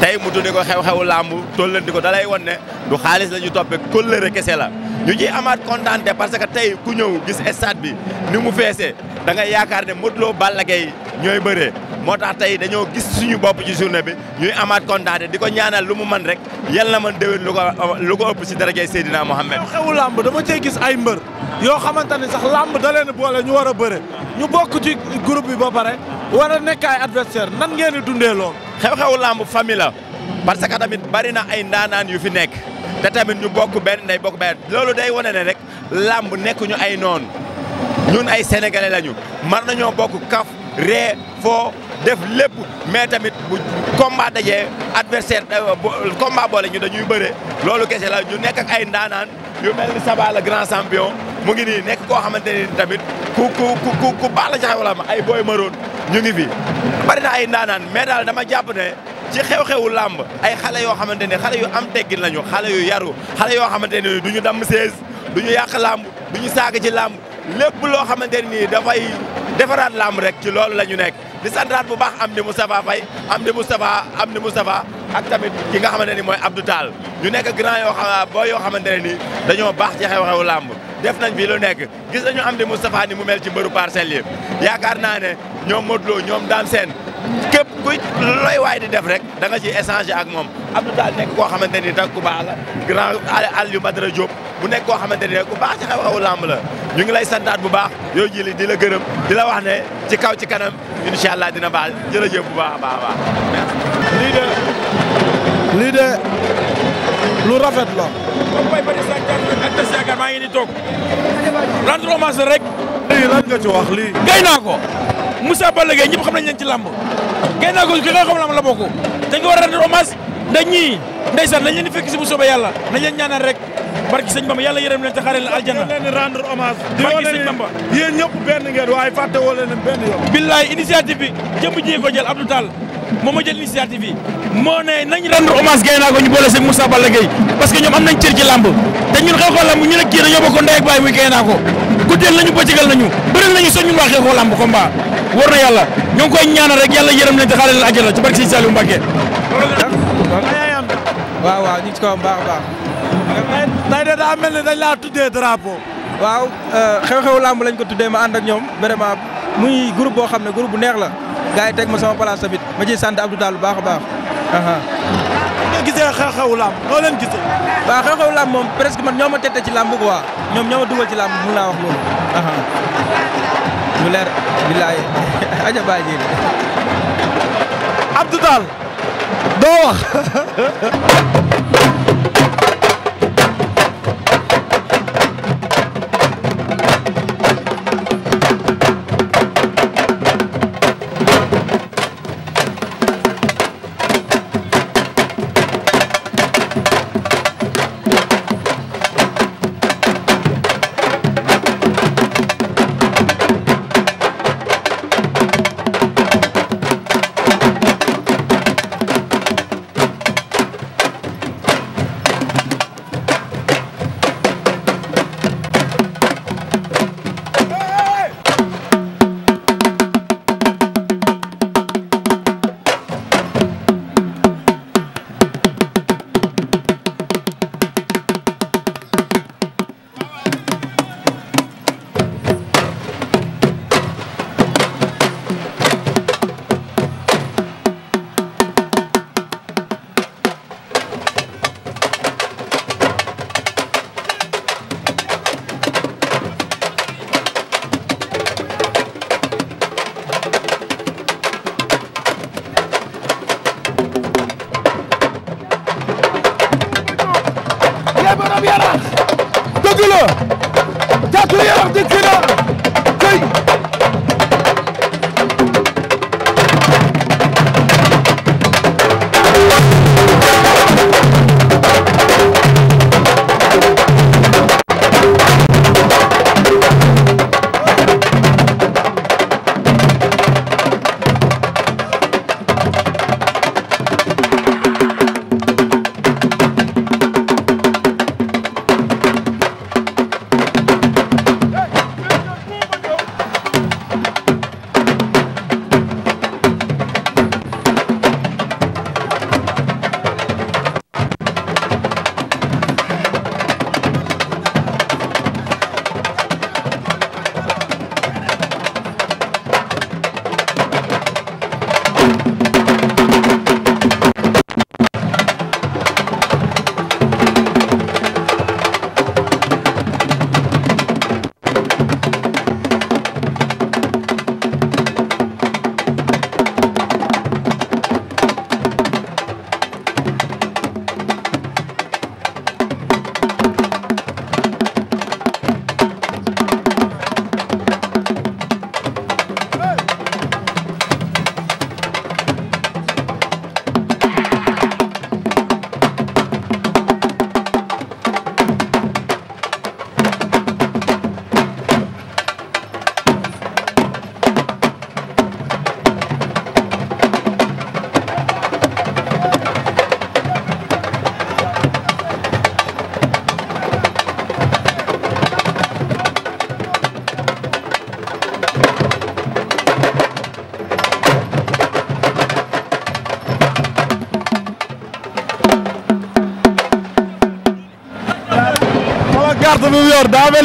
tey mu tudde ko xew-xewu làmb tollanti ko dalay wan ne du xaalis la ñu toppee kóllëre kese la ñu ciy amaat kontaante parce que tey ku ñëw gis stade bi ni mu feesee da ngay yaakaar ne Modou Lo Balla Gaye ñooy bëree moo tax tey dañoo gis suñu bopp ci journée bi ñuy amaat kontaane di ko ñaanal lu mu man rek yal na man déwén lu si lu ko ëpp si darajay Seydina Mohamed. xewu làmb dama cee gis ay mbër yoo xamante ni sax làmb da leen boole ñu war a bëre ñu bokk ci groupe bi ba pare war a nekk ay adversaire nan ngeen di dundee xew-xewu làmb famille la parce que tamit bari na ay ndaanaan yu fi nekk te tamit ñu bokk benn day bokk benn loolu day wane ne rek làmb nekkuñu ay noonu ñun ay sénégalais lañu mën nañoo bokk kaf. ree foo def lépp mais tamit bu combat dajee adversaire euh, combat boole ñu dañuy bëre loolu kese la ñu nekk ay ndaanaan yu mel ni Saba grand champion mu ngi nii nekk koo xamante ni tamit ku ku ku ku baax la ci ma ay booy maroon ñu ngi fi bari na ay ndaanaan mais daal dama jàpp ne ci xew-xewu làmb ay xale yoo xamante ne xale yu am teggin lañu xale yu yaru xale yoo xamante ne du ñu damm sees du ñu yàq làmb du ñu saaga ci làmb lépp loo xamante nii dafay defaraat làmb rek ci loolu la ñu nekk di santaat bu baax am di Moustapha Faye am di Moustapha am mu Moustapha ak tamit ki nga xamante ni mooy Abdou Tall ñu nekk grand yoo xam yoo xamante ne ni dañoo baax ci xew-xewu làmb def nañ fi lu nekk gis nañu am di Moustapha ni mu mel ci mbëru parcelles yi yaakaar naa ne ñoom Modou Lo ñoom Dame Sène képp kuy looy waay di def rek danga nga ciy ak moom Abdou Tall nekk koo xamante ni ku baax la grand Aliou Badara Diop bu nekk koo xamante ni ku baax ci xew-xewu la ñu ngi lay santaat bu baax yow jili di la gërëm di la wax ne ci kaw ci kanam incha allah dina baal jërëjëf bu baax a baax lii de lu rafet la. moom mooy Petit Sack maa ngi di toog. rendre hommage rek. lii lan nga ci wax lii. gay naa ko Moussa Balla Gaye xam nañ leen ci làmb. gay naa ko ki nga xam lamb la bokk te nga war a rendre hommage ndax ñii ndeysaan nañ leen di fekk si bu soobee yàlla nañ leen ñaanal rek. barki sëñ Bamba yàlla yërëm leen te xaaree leen aljana leen di rendre hommage di wane ni yéen benn ngeen waaye fàtte woo leen benn yoon billaay initiative bi jëmm ji ko jël Abdou Tall moom moo jël initiative yi moo ne nañ rendre hommage Gaynaago ñu boole si Moussa Balla Gaye parce que ñoom am nañ cër ci làmb te ñun xeexoo làmb ñu ne kii dañoo bokkoon ndey ak baay muy Gaynaago guddeel nañu bëccëgal nañu bëri nañu soog ñun waa xeexoo làmb combat war na yàlla ñoo ngi koy ñaanal rek yàlla yërëm leen te xaaree leen ci barke Sëñ Saliou Mbacké. waaw ni euh, lañ ko tuddee ma ànd ak ñoom vraiment muy groupe boo xam ne groupe bu neex la gars yi teg ma sama place tamit ma ciy sant Abdou Tall bu baax a baax. nga gisee xew-xewu làmb noo leen gisee. waaw xew-xewu làmb moom presque man ñoo ma tette ci làmb quoi ñoom ñoo ma dugal ci làmb mun naa wax loolu. lu leer bilaay aja baa ji Abdou Tall doo wax.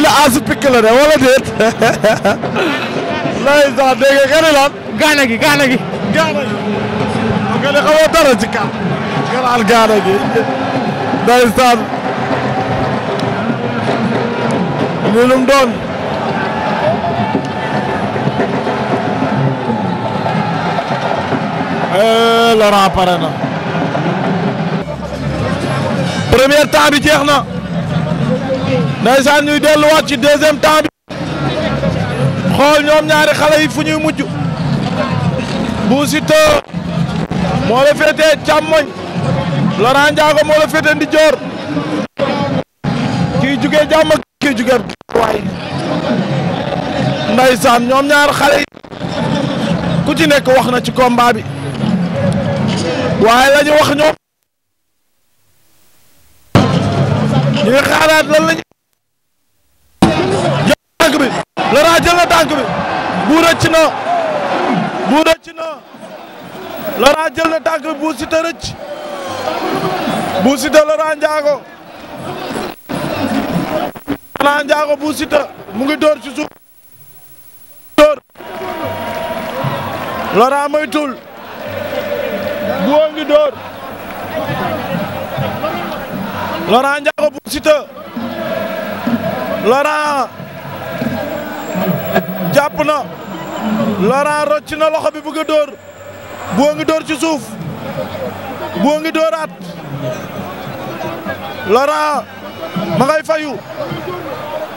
mel ne asu pikk la de wala déet. lay sax dégg nga gën a lan. gaana gi gaana gi. gaana gi. nga ne xamoo dara ci kan. nga naan gaana gi. ndeysaan. lii lu mu doon. Eh, Laurent pare na. premier temps bi jeex na. ndeysaan ñuy delluwaat ci deuxième temps bi xool ñoom ñaari xale yi fu ñuy mujj Bou Siteu moo la féetee càmmoñ Laurent Ndiago moo la féetee ndijoor kii jugee jàmm ak kii jugee ñoom ñaar xale yi ku ci nekk wax na ci combat bi waaye la wax ñoom ñu xaaraat lañu tànk bi jël na tànk bi Bou rëcc na Bou rëcc na Laurent jël na tànk bi Bou Siteu rëcc Bou Siteu Laurent Ndiago Laurent Ndiago Bou Siteu mu ngi dóor ci suuf dóor Laurent moytul Bou ngi dóor Laurent Ndiago Bou jàpp na Laurent rocc na loxo bi bëgg a dóor boo ngi dóor ci suuf boo ngi dóoraat Laurent ma ngay fayu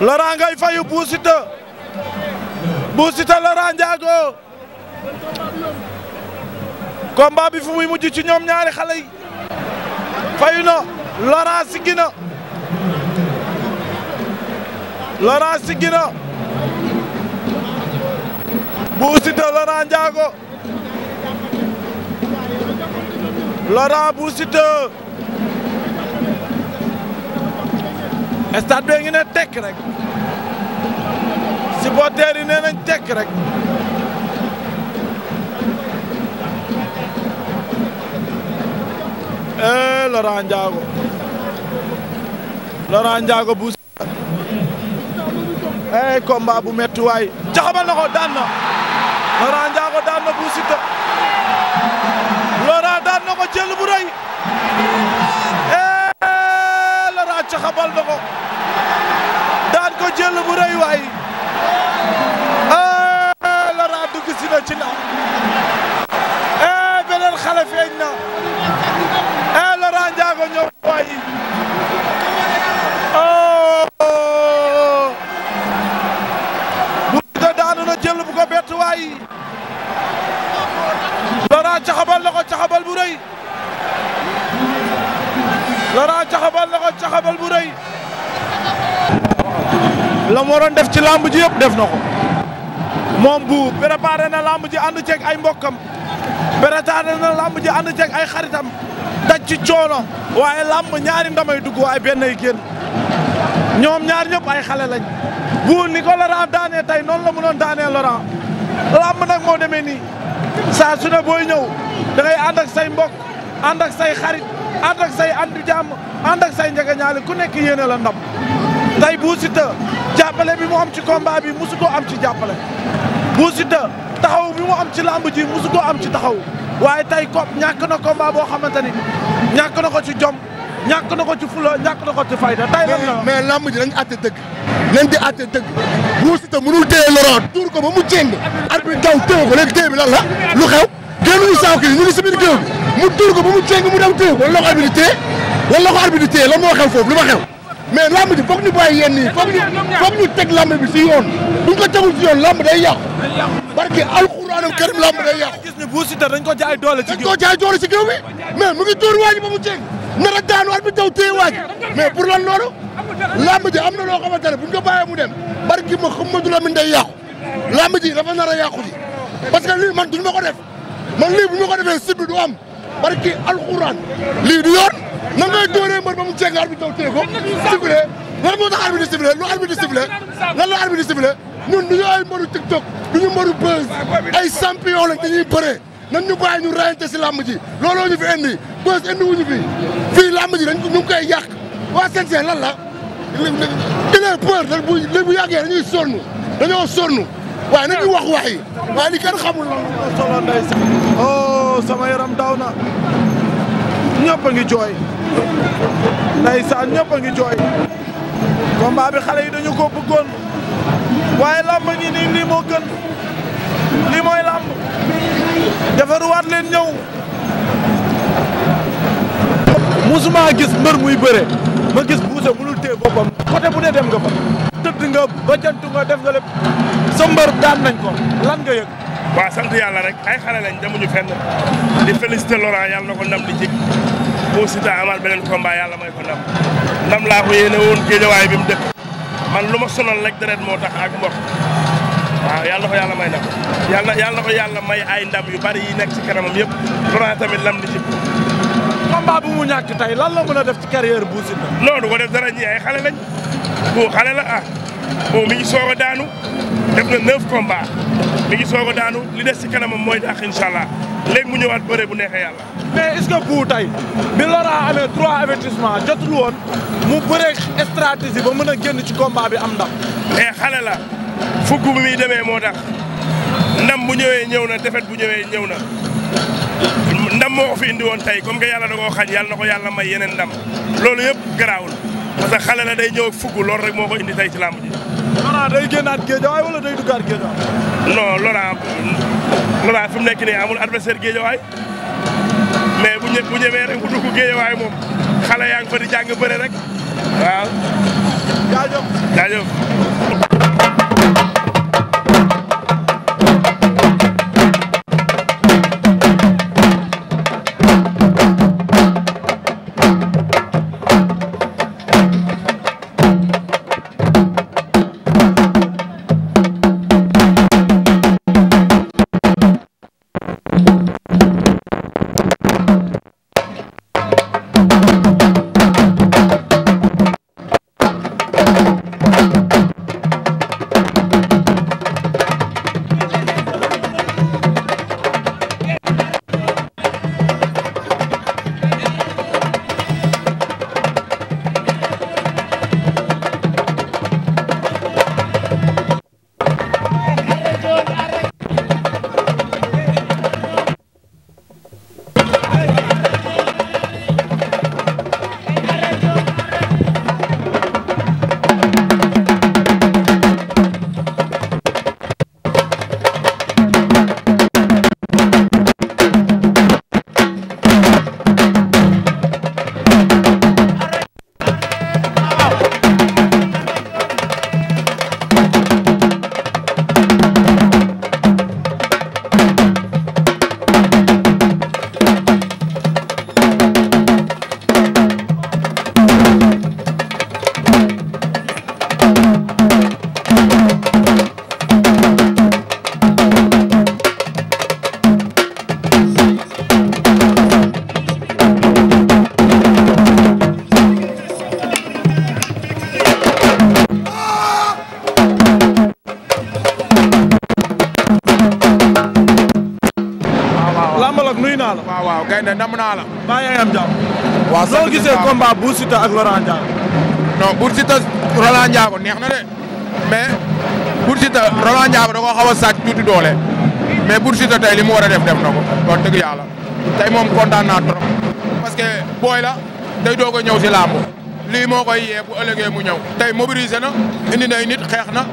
Laurent ngay fayu Bou Siteu Bou Siteu Laurent bi fu muy mujj ci ñoom ñaari xale yi fayu na Laurent siggi na Laurent Bou Siteu Laurent Ndiago Laurent Bou Siteu stade bi ngi ne tekk rek supporters yi nee nañ tekk rek eh Laurent Ndiago Laurent Ndiago Bou eh combat bu metti waay jaxabal na ko daan na Laurent Ndiago def na ko moom bu préparé na lamb ji ànd ceg ay mbokkam préparé na lamb ji ànd ceeg ay xaritam daj ci coono waaye lamb ñaari ndamay dugg waaye benn ay génn ñoom ñaar ñëpp ay xale lañ bu ni ko Laurent daanee tey noonu la mënoon daanee Laurent lamb nag moo demee nii saa su ne booy ñëw da ngay ànd ak say mbokk ànd ak say xarit ànd ak say andu jàmm ànd ak say njëgañaale ku nekk yéene la ndam tey bu Siteu jàppale bi mu am ci combat bi musu ko am ci jàppale Bou Siteu taxaw bi mu am ci làmb ji musu koo am ci taxaw waaye tey ko ñàkk na combat boo xamante ni ñàkk na ko ci jom ñàkk na ko ci fula ñàkk na ko ci fayda tey lan mais làmb ji dañu àtte dëgg nañ di àtte dëgg Bou mënul téye Laurent tuur ko ba mu jéng arbitre daw téye ko léegi téye bi lan la lu xew génnuñu saako yi ñu ngi si biir géew bi mu tuur ko ba mu jéng mu dem téye ko wala ko arbitre téye wala ko moo ma xew mais lamb ji foog ñu bàyyi yenn yi foog ñu foog ñu teg lamb bi si yoon buñ ko tegul si yoon lamb day yàqu barke alxuraanam karim lamb day yàqu ko jaay doole ci géew dañ ko jaay waaji ba mu jeeg nar a daan bi daw téye waaji mais pour lan loolu lamb am na loo xamante ne buñ ko bàyyee mu dem barki ma xamadu la min day yàqu lamb ji dafa nar a yàqu ji parce que lii man duñ ma ko def man lii bu ma ko defee sud du am barki alxuraan lii du yoon nan ngay dóoree mbër ba mu jéggi arbitre bi taw téye bi sifflé lan moo tax arbitre sifflé lu arbitre sifflé lan la arbitre sifflé ñun du ñu ay mbaru tiktok du ñu mbaru buzz ay champion lañ dañuy bëree nan ñu bàyyi ñu rayante si làmb ji looloo ñu fi indi buzz indi wuñu fi fii làmb ji dañ ñu ngi waa CNG lan la il est peur da bu li bu yàggee dañuy sonn dañoo sonn waaye nañu wax wax yi waaye li kenn xamul la solo nday oh, sama yaram daw na ñëpp a ngi jooy ndeysaan ñëpp a ngi jooy combat bi xale yi dañu ko bëggoon waaye làmb ngi nii lii moo gën lii mooy làmb defaruwaat leen ñëw musuma gis mbër muy bëre ma gis buuse mënul téye boppam côté bu ne dem nga fa tëdd nga jant nga def nga lépp sa mbër daan nañ ko lan nga yëg waaw sant yàlla rek ay xale lañ demuñu fenn di féliciter Laurent yàlla na ko ndam di jik Bou Siteu amaat beneen combat yàlla may ko ndam ndam laa ko yéene woon géejawaay bi mu dëkk man lu ma sonal rek deret moo tax ak mbokk waaw yàlla na ko yàlla may ndam yàlla yàlla na ko yàlla may ay ndam yu bari yi nekk ci kanamam yëpp Laurent tamit lam di jib combat bu mu ñàkk tey lan la mën a def ci carrière Bou Siteu non du ko def dara ñi ay xale la ah boobu mi a daanu def na neuf combat mi ngi soog a daanu li des ci kanamam mooy dàq incha allah mu ñëwaat bëre bu neexee yàlla. mais est-ce que bi Laurent amee trois jot jotul woon mu bëreeg stratégie ba mën a génn ci combat bi am ndam. mais xale la fukk bi muy demee moo tax ndam bu ñëwee ñëw na defet bu ñëwee ñëw na ndam moo ko fi indi woon tey comme que yàlla da koo xañ yàlla na ko yàlla may yeneen ndam loolu yëpp garaawul parce que day ñëw ak loolu rek moo ko indi tey ci làmb Laurent day génnaat géejawaay wala day duggaat géejawaay. non Laurent Laurent fi mu nekk nii amul adversaire géejawaay mais bu ñë bu ñëwee rek bu dugg moom xale yaa ngi fa di jàng bëre rek waaw. jaajëf jaajëf. Siteu ak Laurent Ndiago. non Bou Siteu de mais Bou Siteu Laurent Ndiago da koo xaw a sàcc tuuti doole mais Bou Siteu tey li mu war a def def na ko wax dëgg yàlla tey moom kontaan naa trop. parce que booy la day doog a ñëw si làmb lii moo koy yee bu ëllëgee mu ñëw. tey mobilisé na indi nit xeex na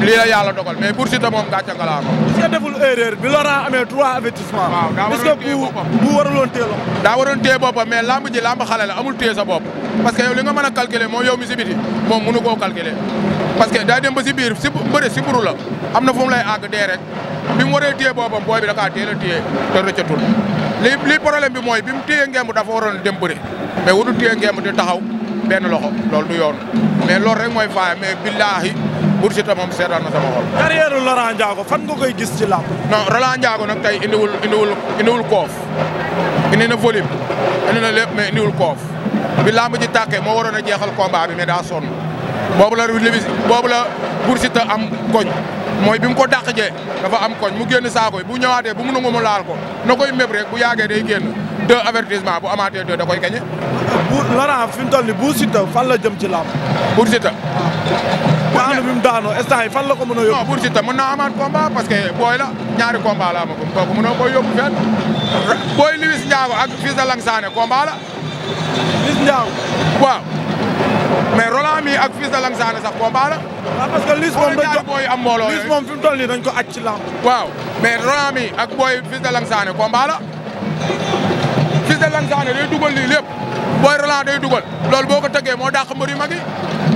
lii la yàlla dogal mais pour Siteu moom nga laa ko. est deful erreur bi Laurent amee trois avertissement. waaw daa waroon téye boppam est waruloon téye loxo. daa waroon téye boppam mais lamb ji lamb la amul téye sa bopp parce que yow li nga mën a calculer moom yow mi si biti moom mënu koo daa dem ba si am na fu lay àgg dee rek bi mu waree téye boppam booy bi da kaa téye la téye te rëccatul li li problème bi mooy bi mu téye ngemb dafa waroon di taxaw benn loxo loolu du yoon mais Siteu moom seetaan na sama xol. carrière Laurent fan nga koy gis ci làmb. non Laurent Ndiago na tey indiwul indiwul indiwul koof indi na volume indi mais indiwul koof bi làmb ji tàkkee moo waroon a jeexal combat bi mais daa sonn boobu la lévis boobu la Bou Siteu am koñ mooy bi mu ko dàq jee dafa am koñ mu génn saako yi bu ñëwaatee bu mu nangu mu laal ko na koy méb rek bu yàggee day génn deux avertissement bu amaatee deux da koy gañe. bu Laurent fi mu toll nii Bou Siteu fan la jëm ci la Bou daanu bi mu daanoo instant yi fan la ko mën a yóbbu. non Bou Siteu mën naa amaat combat parce que booy la ñaari combat la amagum kooku mënoo koy yóbbu fenn booy Liss Ndiago ak Fils de Langsane combat la. Liss mais Roland mi ak Fils sax combat la. waaw ah, parce que Liss moom dañ ko booy dañ ko acc ci waaw mais Roland mi ak booy Fils de Langsane combat la. Fils de Langsane day dugal lii lépp booy Roland day dugal loolu boo ko tëggee moo dàq mbër yu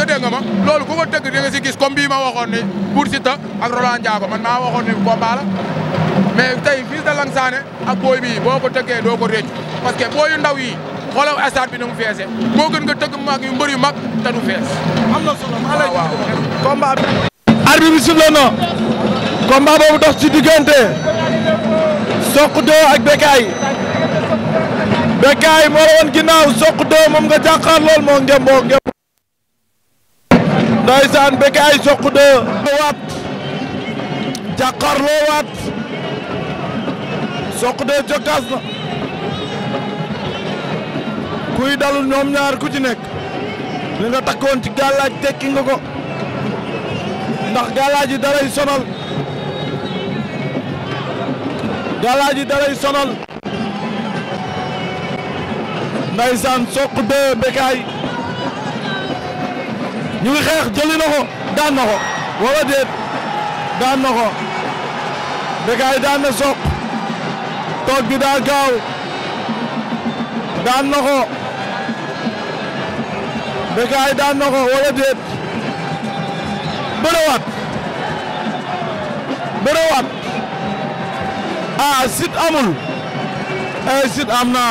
que dégg nga ma loolu ku ko dégg di nga si gis comme bii ma waxoon ni Bour Siteu ak Roland Ndiago man maa waxoon ni combat la mais tey Fils de Langsane ak booy bii boo ko tëggee doo ko réccu parce que booyu ndaw yi xoolal stade bi ni mu feesee moo gën nga tëgg mag yu mbër yu mag te du fees. am na solo maa lay bi. arbitre bi sifflé na combat boobu dox ci diggante ak Bécaye Bécaye moo la woon ginnaaw Sokh 2 moom nga jàkkaar lool moo ngemboo ngemboo ndeysaan Bécaye ay soq de waat jàkkaarloo waat soq de jokkaas kuy dalul ñoom ñaar ku ci nekk li nga takkoon ci gàllaaj tekki nga ko ndax gàllaaj yi dalay sonal gàllaaj yi dalay sonal ndeysaan soq de Bécaye ñu ngi xeex jëli na ko daan na ko wala déet daan na ko daan na Sokh toog bi daa gaaw daan na ko daan na wala déet bëriwaat bëriwaat ah sit amul ay eh, sit am na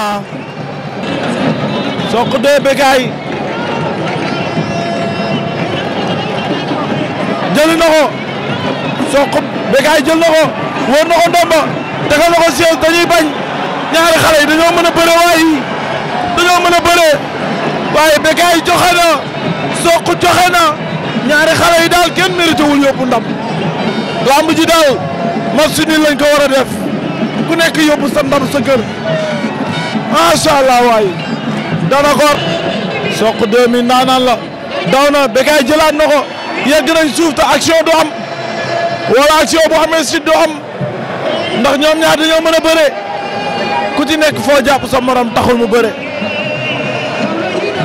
Sokh de Bécaye jëli na ko Sokh Bécaye jël na ko wóor na ko ndomba tegal na ko siège dañuy ñaari xale yi dañoo mën a bëre waaye dañoo mën a waaye Bécaye joxe na Sokh joxe na ñaari xale yi daal kenn mérité wul yóbbu ndam lamb ji daal match nul lañ ko war a def ku nekk yóbbu sa ndam sa kër macha waaye dana ko Sokh 2000 naanaan la daw na Bécaye jëlaat na yegg nañ suuf te action du am wala action bu amee si du am ndax ñoom ñaar dañoo mën a bëre ku ci nekk foo jàpp sa morom taxul mu bëre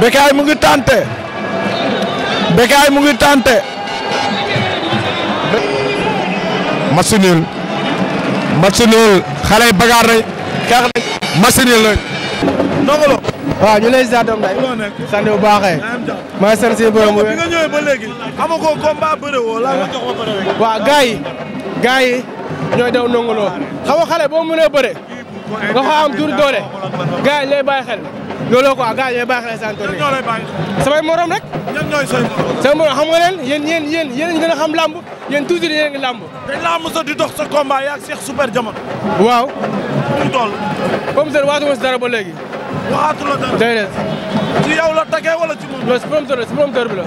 Bécaye mu ngi tànte Bécaye mu ngi tànte match nul match nul xale yi bagaar nañ kaax nañ match nul ñu lay ziar doom day sant bu baaxee maa sant si borom bi nga ñëwee ba léegi amagoo combat bëre yi gars yi ñooy daw nongoloo xam nga xale boo mënee bëre nga ko am tuuti doole gars yi lay bàyyi xel looloo quoi gars yi lay bàyyi xel sant bi. ñoo lay bàyyi samay morom rek. ñan ñooy xam nga leen yéen yéen yéen yéen a gën a xam làmb yéen toujours yéen a ngi làmb. dañ laa mos sa combat yaa ak Cheikh Super Diamane. waaw. mu toll. comme ça waatuma dara ba léegi. waxaatu ci yow la tagee wala ci moom. non si promoteur la si promoteur bi la.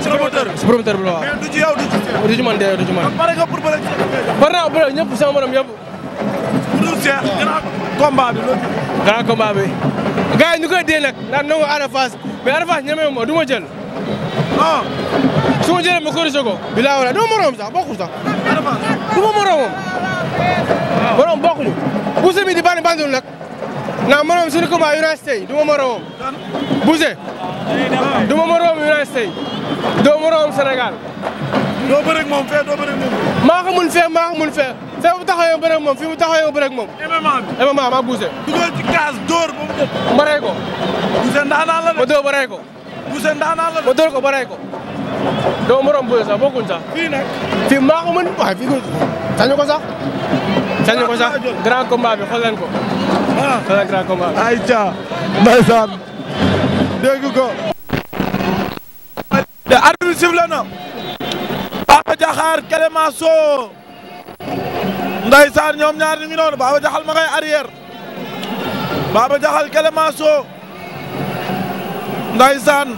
si promoteur bi si promoteur bi la waaw. mais du ci yow du ci Cheikh. du ci man de du ci man. pare nga pour bëre Cheikh. pare naa bëre ñëpp sama morom yëpp. bu dul Cheikh grand combat bi loolu. grand combat bi. gars yi ñu koy dee nag daan nangu Ada Fass mais Ada Fass ñeme ma du ma jël. ah. su ma jëlee ma corrigé ko. bilaa wala du ma moromam sax bokkul sax. Ada Fass du ma moromam. waaw borom bokkuñu. bu semi di bandi bandiwul nag. naa moroom suñu combat United States du ma moroomam. Boucher. du ma moroomam United States. doo moroomam Sénégal. doo bëreeg moom fee doo mun fee fee. mu taxawee ma bëreeg moom fii mu taxawee ma bëreeg moom. MMA bi MMA maa Boucher. dugal ci kaas dóor ba mu ko. Boucher ndaanaan la ko. Boucher ndaanaan la de. ma dóor ko baree ko. doo moroom Boucher sax bokkuñ sax. fii nag fii maa ko ko sañu ko ko. combat très grand combat. ayca ndeysaan dégg ko. arbitre sifflé na. Baba Diakhar Clémenceau ndeysaan ñoom ñaar ñu ngi noonu Baba Diakhal ma ngay arrière. Baba Diakhal Clémenceau ndeysaan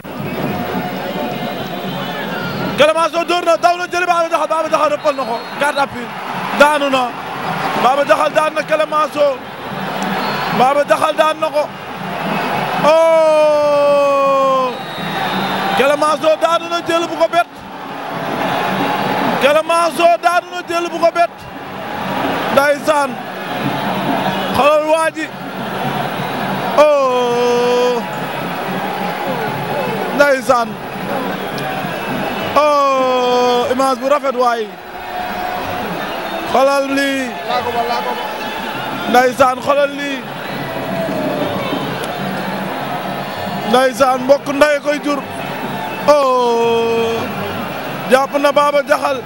Clémenceau dóor na daw na jëli Baba Diakhal Baba Diakhal na ko garde appui daanu na Baba Diakhal daan na Clémenceau Baba Jaxal daan na ko oh Clémenceau daanu na jël bu ko bett Clémenceau daanu na jël bu ko bett ndeysaan xoolal waa ji oh ndeysaan oh image bu rafet waay xoolal lii. Ndeysaan xoolal lii ndeysaan mbokk nday koy jur oh jàpp na Baba Jaxal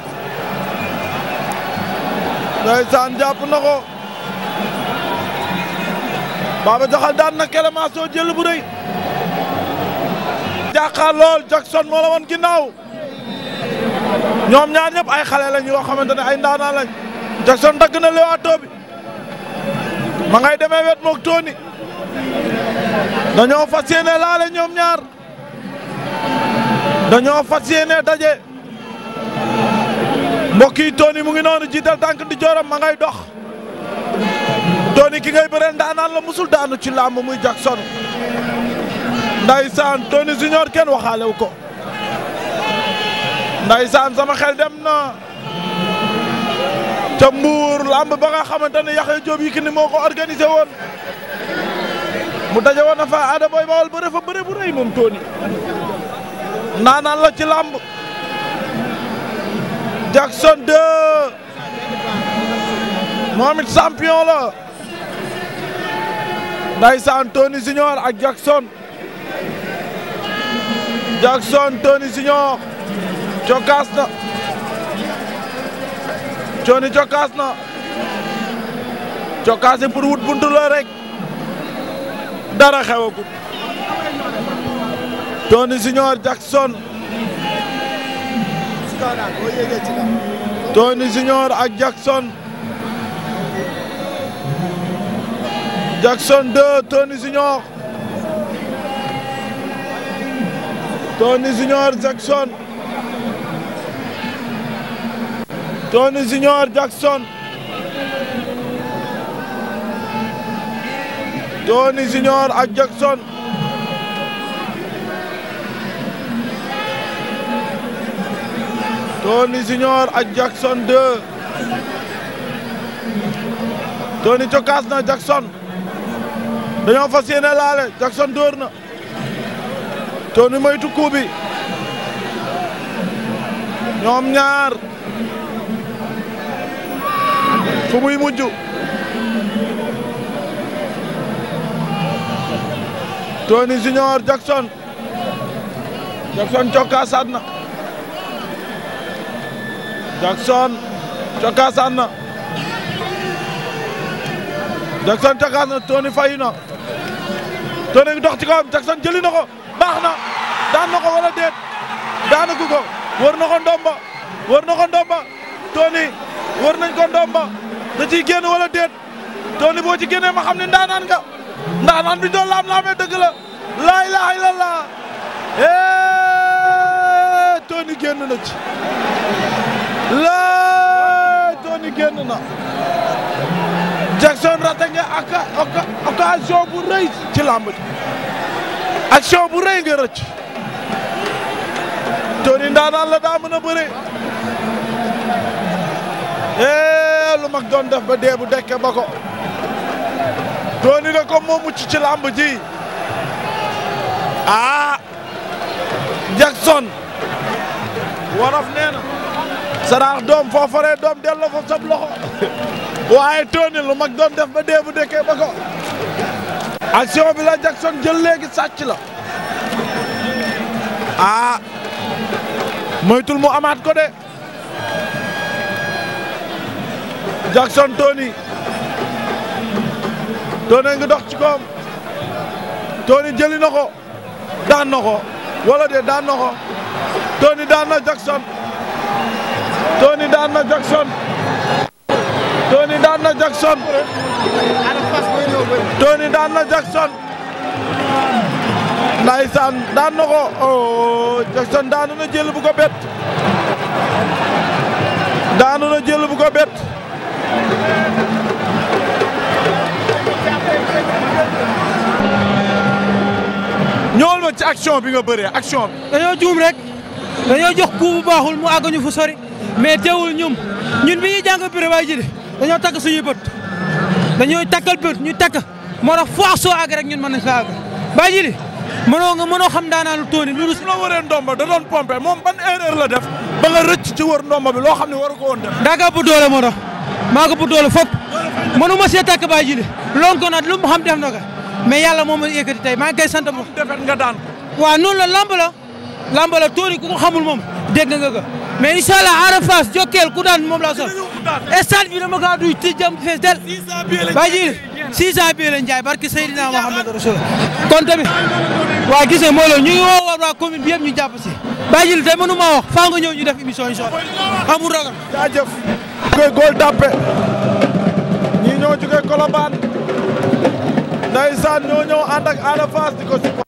ndeysaan jàpp na ko Baba Jaxal daan na Clémenceau jël bu rëy jàkkaar lool Jackson moo la ñoom ñaar ñëpp ay xale lañ yoo xamante ne ay ndaanaan lañ Jackson dagg na lewaatoo ma ngay demee wet mook dañoo fas yéene laale ñoom ñaar dañoo fas yéene daje mbokk yi mu ngi noonu jiital tànk di jooram ma ngay dox Tony ki ngay bëreel daanaan la musul daanu ci làmb muy Jackson ndaysaan Tony Junior kenn waxaale wu ko ndaysaan sama xel dem na ca Mbuur làmb ba nga xamante ne Yaxya Jóob Yékini moo ko organisé mu daje woon na fa Ada Boy Baol bëre fa bëre bu rëy moom Tony naanaan la ci làmb Jackson 2 moom it champion la ndaysaan Tony Junior ak Jackson Jackson Tony Junior cokkaas na Tony cokkaas na cokkaas pour wut buntu la dara xewagul Tony Junior Jackson Tony Junior ak Jackson Jackson 2 Tony Junior Tony Junior Jackson Tony Junior Jackson Tony Junior ak Jackson Tony Junior ak Jackson 2 Tony cokaas na Jackson dañoo fas yéene laale Jackson dóor na Tony moytu coup bi ñoom ñaar fu muy mujj Tony Junior Jackson Jackson cokkaasaat na Jackson cokkaasaat na Jackson cokkaasaat na Tony fayu na Tony ngi dox ci kawam Jackson jëli na baax na daan na ko wala déet daanaku ko wër domba ko ndomba domba na ko nañ ko ndomba da ciy génn wala déet Tony boo ci génnee ma xam ne ndaanaan ndax naan bi doon laam laamee dëgg la laa ilaha illallah eh Tony génn na ci laa Tony génn na Jackson raté nga ak occasion bu rëy ci làmb ji action rëy nga rëcc Tony ndaanaan la daa mën a bëre eh lu mag doon ba dee bu ba ko dooni na moo mucc ci làmb ji ah Jackson waraf nee na saraax doom foo doom delloo fa sab loxo ba dee bu dekkee ba ko action bi la Jackson jël léegi sàcc la ah mu amaat ko de Jackson Tony Toné ngi dox ci koom Toné jëli na ko daan na ko wala de daan na ko Toné daan na Jackson Toné daan na Jackson Toné daan na Jackson Toné daan na Jackson Ndeysaan daan na ko oh Jackson daanu na jël bu ko bett na jël bu ko ci action bi nga bëree action bi. dañoo juum rek dañoo jox coup bu baaxul mu àgguñu fu sori mais teewul ñum ñun bi ñuy jàng bëre waaye ji dañoo takk suñuy bët dañoo takkal bët ñu takk moo tax foo soo àgg rek ñun mën nañ fa àgg bàyyi ji mënoo nga mënoo xam daanaa lu tóoni lu su la waree ndomba da doon moom ban erreur la def ba nga rëcc ci wër ndomba bi loo xam ne war ko woon def daaga bu doole moo tax maa ko bu doole fop mënu ma see takk bàyyi ji li xam mais yàlla moom tey maa ngi koy sant bu nga daan waaw noonu la lamb la lamb la tóor ku ko xamul moom dégg nga ko mais incha allah Ada Fass ku daan moom laa sol stade bi dama kaa duy ci jëm fees del ba jil 600 bi jaay barki Seydina Muhammad Rasul kon tamit waa gis nga mooy loolu ñu war waa commune bi ñu jàpp si ba jil tey mënu ma wax faa nga ñu def émission incha allah amul ragal jaajëf koy góol tàppe ñii ñoo jógee Colobane ndeysaan ñoo ñëw ànd ak di ko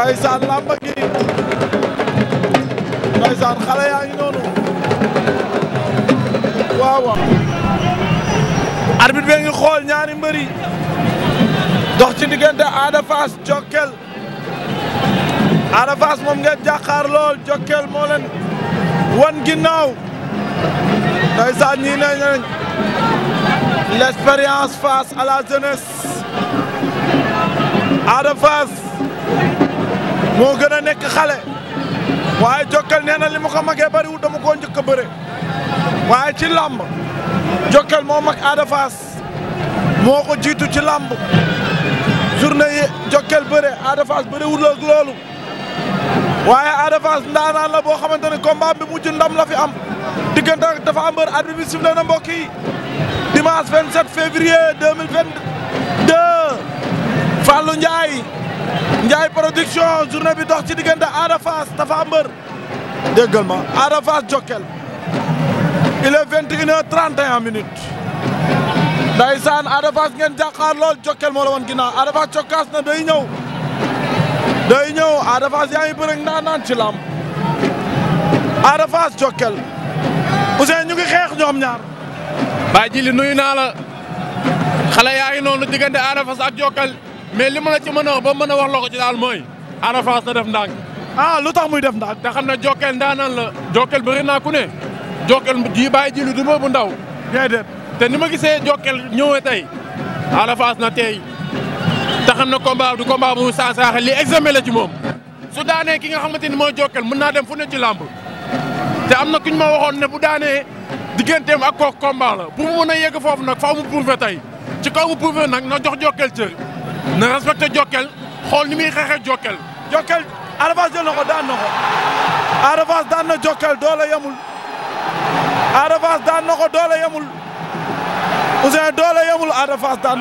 ndaysaan làmb gi ndaysaan xale yaa ngi noonu waaw waaw arbitre bi xool ñaari mbëri dox ci diggante Ada Fass Jokkel Ada Fass moom ngeen jàkkaar lool Jokkel moo leen wan ginnaaw ndaysaan ñii nee nañ l'expérience face à la jeunesse Ada Fass moo gën a nekk xale waaye Jokal nee na li mu ko magee bariwul dama koo njëkk a bëre waaye ci làmb Jokal moo mag Ada moo ko jiitu ci làmb journée yi Jokal bëre Ada Fass bëriwul loolu waaye Ada ndaanaan la boo xamante ne combat bi mujj ndam la fi am diggante ak dafa am bër arbitre bi sifflé na mbokk yi dimanche 27 Ndiaye production journée bi dox ci diggante Ada Fass Tapha Mbeur déggal ma Ada Fass Jokkel il est vingt et une heures trente et un minutes ndaysaan Ada lool Jokkel moo la woon ginnaaw Ada Fass na day ñëw day ñëw Ada Fass yaa ngi bëri naan naan ci lamb Jokkel Ousseyn ñu ngi xeex ñoom ñaar baa jili nuyu naa la xale yaa ngi noonu diggante Ada Fass ak mais li ma la ci mën ba mën a wax loo ko ci daal mooy Ada na def ndànk ah lu tax muy def ndànk te xam na Jokal ndaanaan la Jokal bëri naa ku ne Jokal ji bàyyi ji lu du ma bu ndaw déedéet te ni ma gisee Jokal ñëwee tey Ada Fass na tey te xam ne combat du combat bu saasaaxe li examen la ci moom su daanee ki nga xamante ni mooy Jokal mën naa dem fu ne ci làmb te am na ku ñu ma waxoon ne bu daanee digganteem ak kooku combat la pour foofu nag faaw ci kaw mu nag na jox Jokal na respecté Jokal xool ni muy xeexee Jokal. Jokal Ada jël na ko daan na ko Ada daan na Jokal doole yemul Ada daan na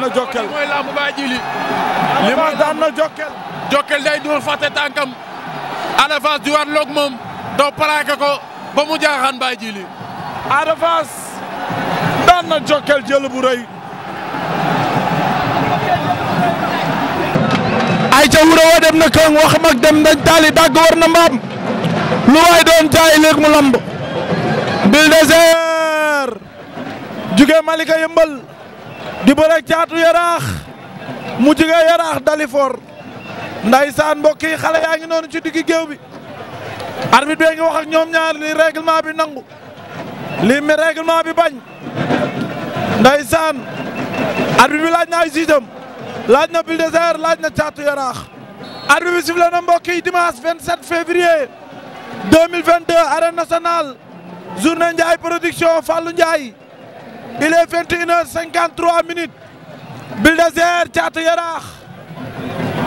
ko mooy làmb baa ji li. daan na Jokal. Jokal day dóor fàtte tànkam Ada Fass waat loog moom doo paraake ko ba mu jaaxaan baa ji li. daan na Jokal jël bu rëy. ay ca wuro wa dem na këng wax mag dem dañ taali dàgg war na mbaam lu waay doon jaay léeg mu lamb Buldozer juge Malika yëmbal di caatu yaraax mu juge yaraax Dalifort ndaysaan mbokk yi xale yaa ngi noonu ci diggi géew bi arbitre bi ngi wax ak ñoom ñaar li règlement bi nangu lii mi règlement bi bañ ndaysaan arbitre bi laaj na ay siisam laaj na Bulldozer laaj na Caatu Yaraax arbitre bi sifflé na mbokk yi dimanche 27 février 2022 arène nationale journée Ndiaye production Fallou Ndiaye il est 21 heures 53 minutes Bulldozer Caatu Yaraax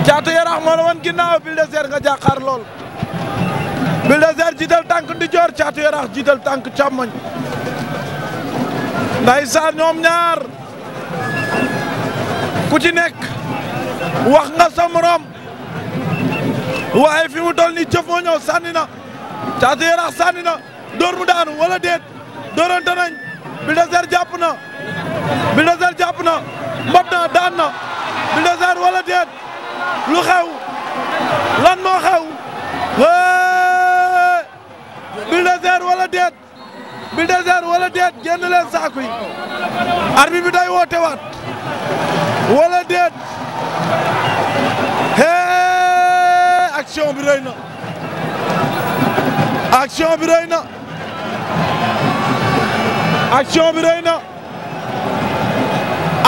Caatu Yaraax moo la woon ginnaaw Bulldozer nga jàkkaar lool Bulldozer jiital tànk ndijoor Caatu Yaraax jiital tànk càmmoñ ndeysaan ñoom ñaar ku ci nekk wax nga sa morom waaye fi mu toll nii jëf moo ñëw sànni na Caatu Yaraax sànni na dóor mu daanu wala déet dóorante nañ Buldozer jàpp na Buldozer jàpp na mbot na daan na Buldozer wala déet lu xew lan moo xew hee Buldozer wala déet Buldozer wala déet génn bi day woote waat wala déet hee action bi rëy na action bi rëy na action bi rëy na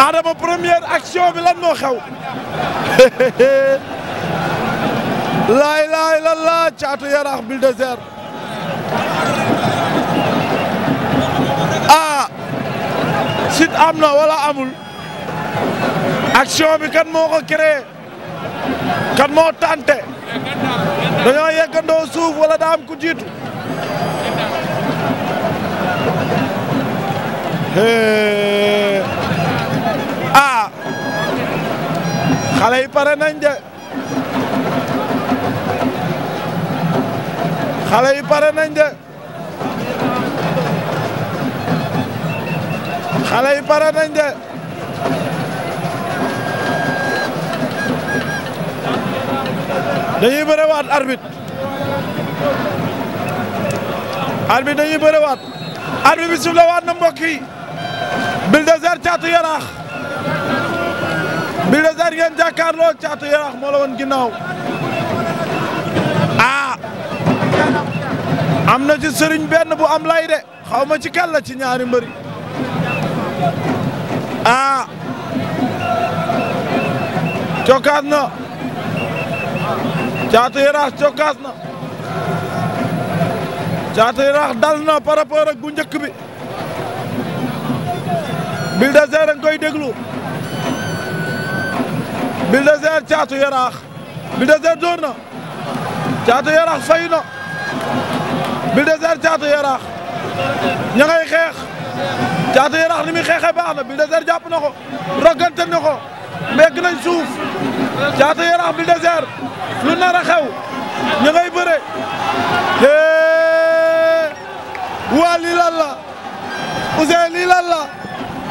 Adama première action bi lan moo xew laay laay lan laa caatu yaraax Bulldozer ah sit am na wala amul action bi kan moo ko créé kan moo tànte dañoo yeggandoo suuf wala daa am ku jiitu ah xale yi pare nañ de xale yi pare nañ de xale yi pare nañ de dañuy bëre waat arbitre arbitre dañuy bëre waat arbitre bi suuf la waat na mbokk yi Buldozer Caatu Yaraax Buldozer ngeen jàkkaarloo Caatu Yaraax moo la woon ginnaaw ah! am na ci sëriñ benn bu am lay de xaw ci kan la ci ñaari mbëri ah cokkaat na Caatu Yaraax cokkaas na Caatu Yaraax dal na par rapport ak bu njëkk bi Bulldozer a ngi koy déglu Bulldozer Caatu Yaraax Bulldozer door na Caatu Yaraax fayu na Bulldozer Caatu Yaraax ña ngay xeex Caatu Yaraax ni muy xeexee baax na Bulldozer jàpp na ko roggante na ko suuf Caatu Yaraax Bulldozer lu nar a xew ñu ngay bëre waa lii lan la Ousseyn lii lan la.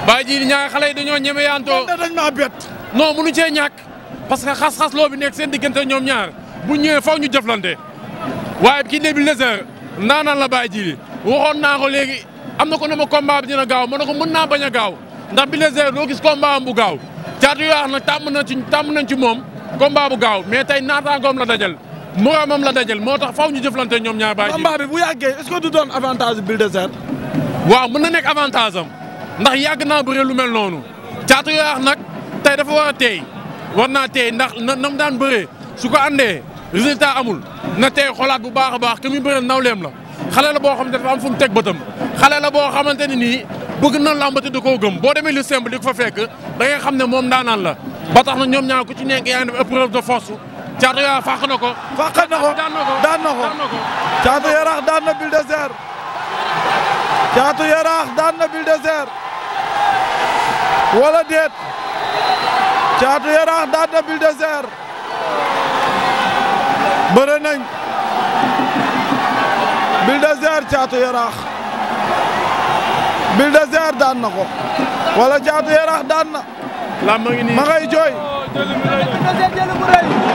baa ji ñaari xale yi dañoo ñeme yaantoo dañ maa bett. non cee ñàkk parce que xas-xas loo nekk seen diggante ñoom ñaar bu ñëwee faw ñu jëflante waaye kii Nebil Lazer naanaan la baa ji waxoon naa ko léegi am na ko ne ma combat bi dina gaaw ma ne ko mën naa bañ a gaaw ndax bi Lazer doo gis combat am bu gaaw caatu yoo xam tàmm na ci tàmm nañ ci moom. combat bu gaaw mais tey naataangoom la dajal moroomam la dajal moo tax faw ñu jëflante ñoom ñaar bàyyi. combat bi bu yàggee est-ce que du doon avantage Bulldozer. waaw mën na nekk avantage ndax yàgg naa bëre lu mel noonu Caatu Yarax nag tey dafa war a teey war naa teey ndax na nam daan bëree su ko andee résultat amul na teey xolaat bu baax a baax ki muy bëre nawleem la xale la boo xam ne dafa am fu mu teg bëtam xale la boo xamante ne nii bëgg na làmbati da koo gëm boo demee lu simple di ko fekk da ngay xam ne moom daanaan la. batax tax na ñoom ñaar ku ci nekk yaa ngi def épreuve de force Caatu Yaraax na ko. fàq na ko daan na ko daan na ko. Caatu Yaraax daan na Bulldozer. Caatu Yaraax daan na Bulldozer. wala déet. Caatu Yaraax daan na Bulldozer. bëre nañ. daan na ko. wala Caatu Yaraax daan na. lamb ngi nii ma ngay jooy. Oh,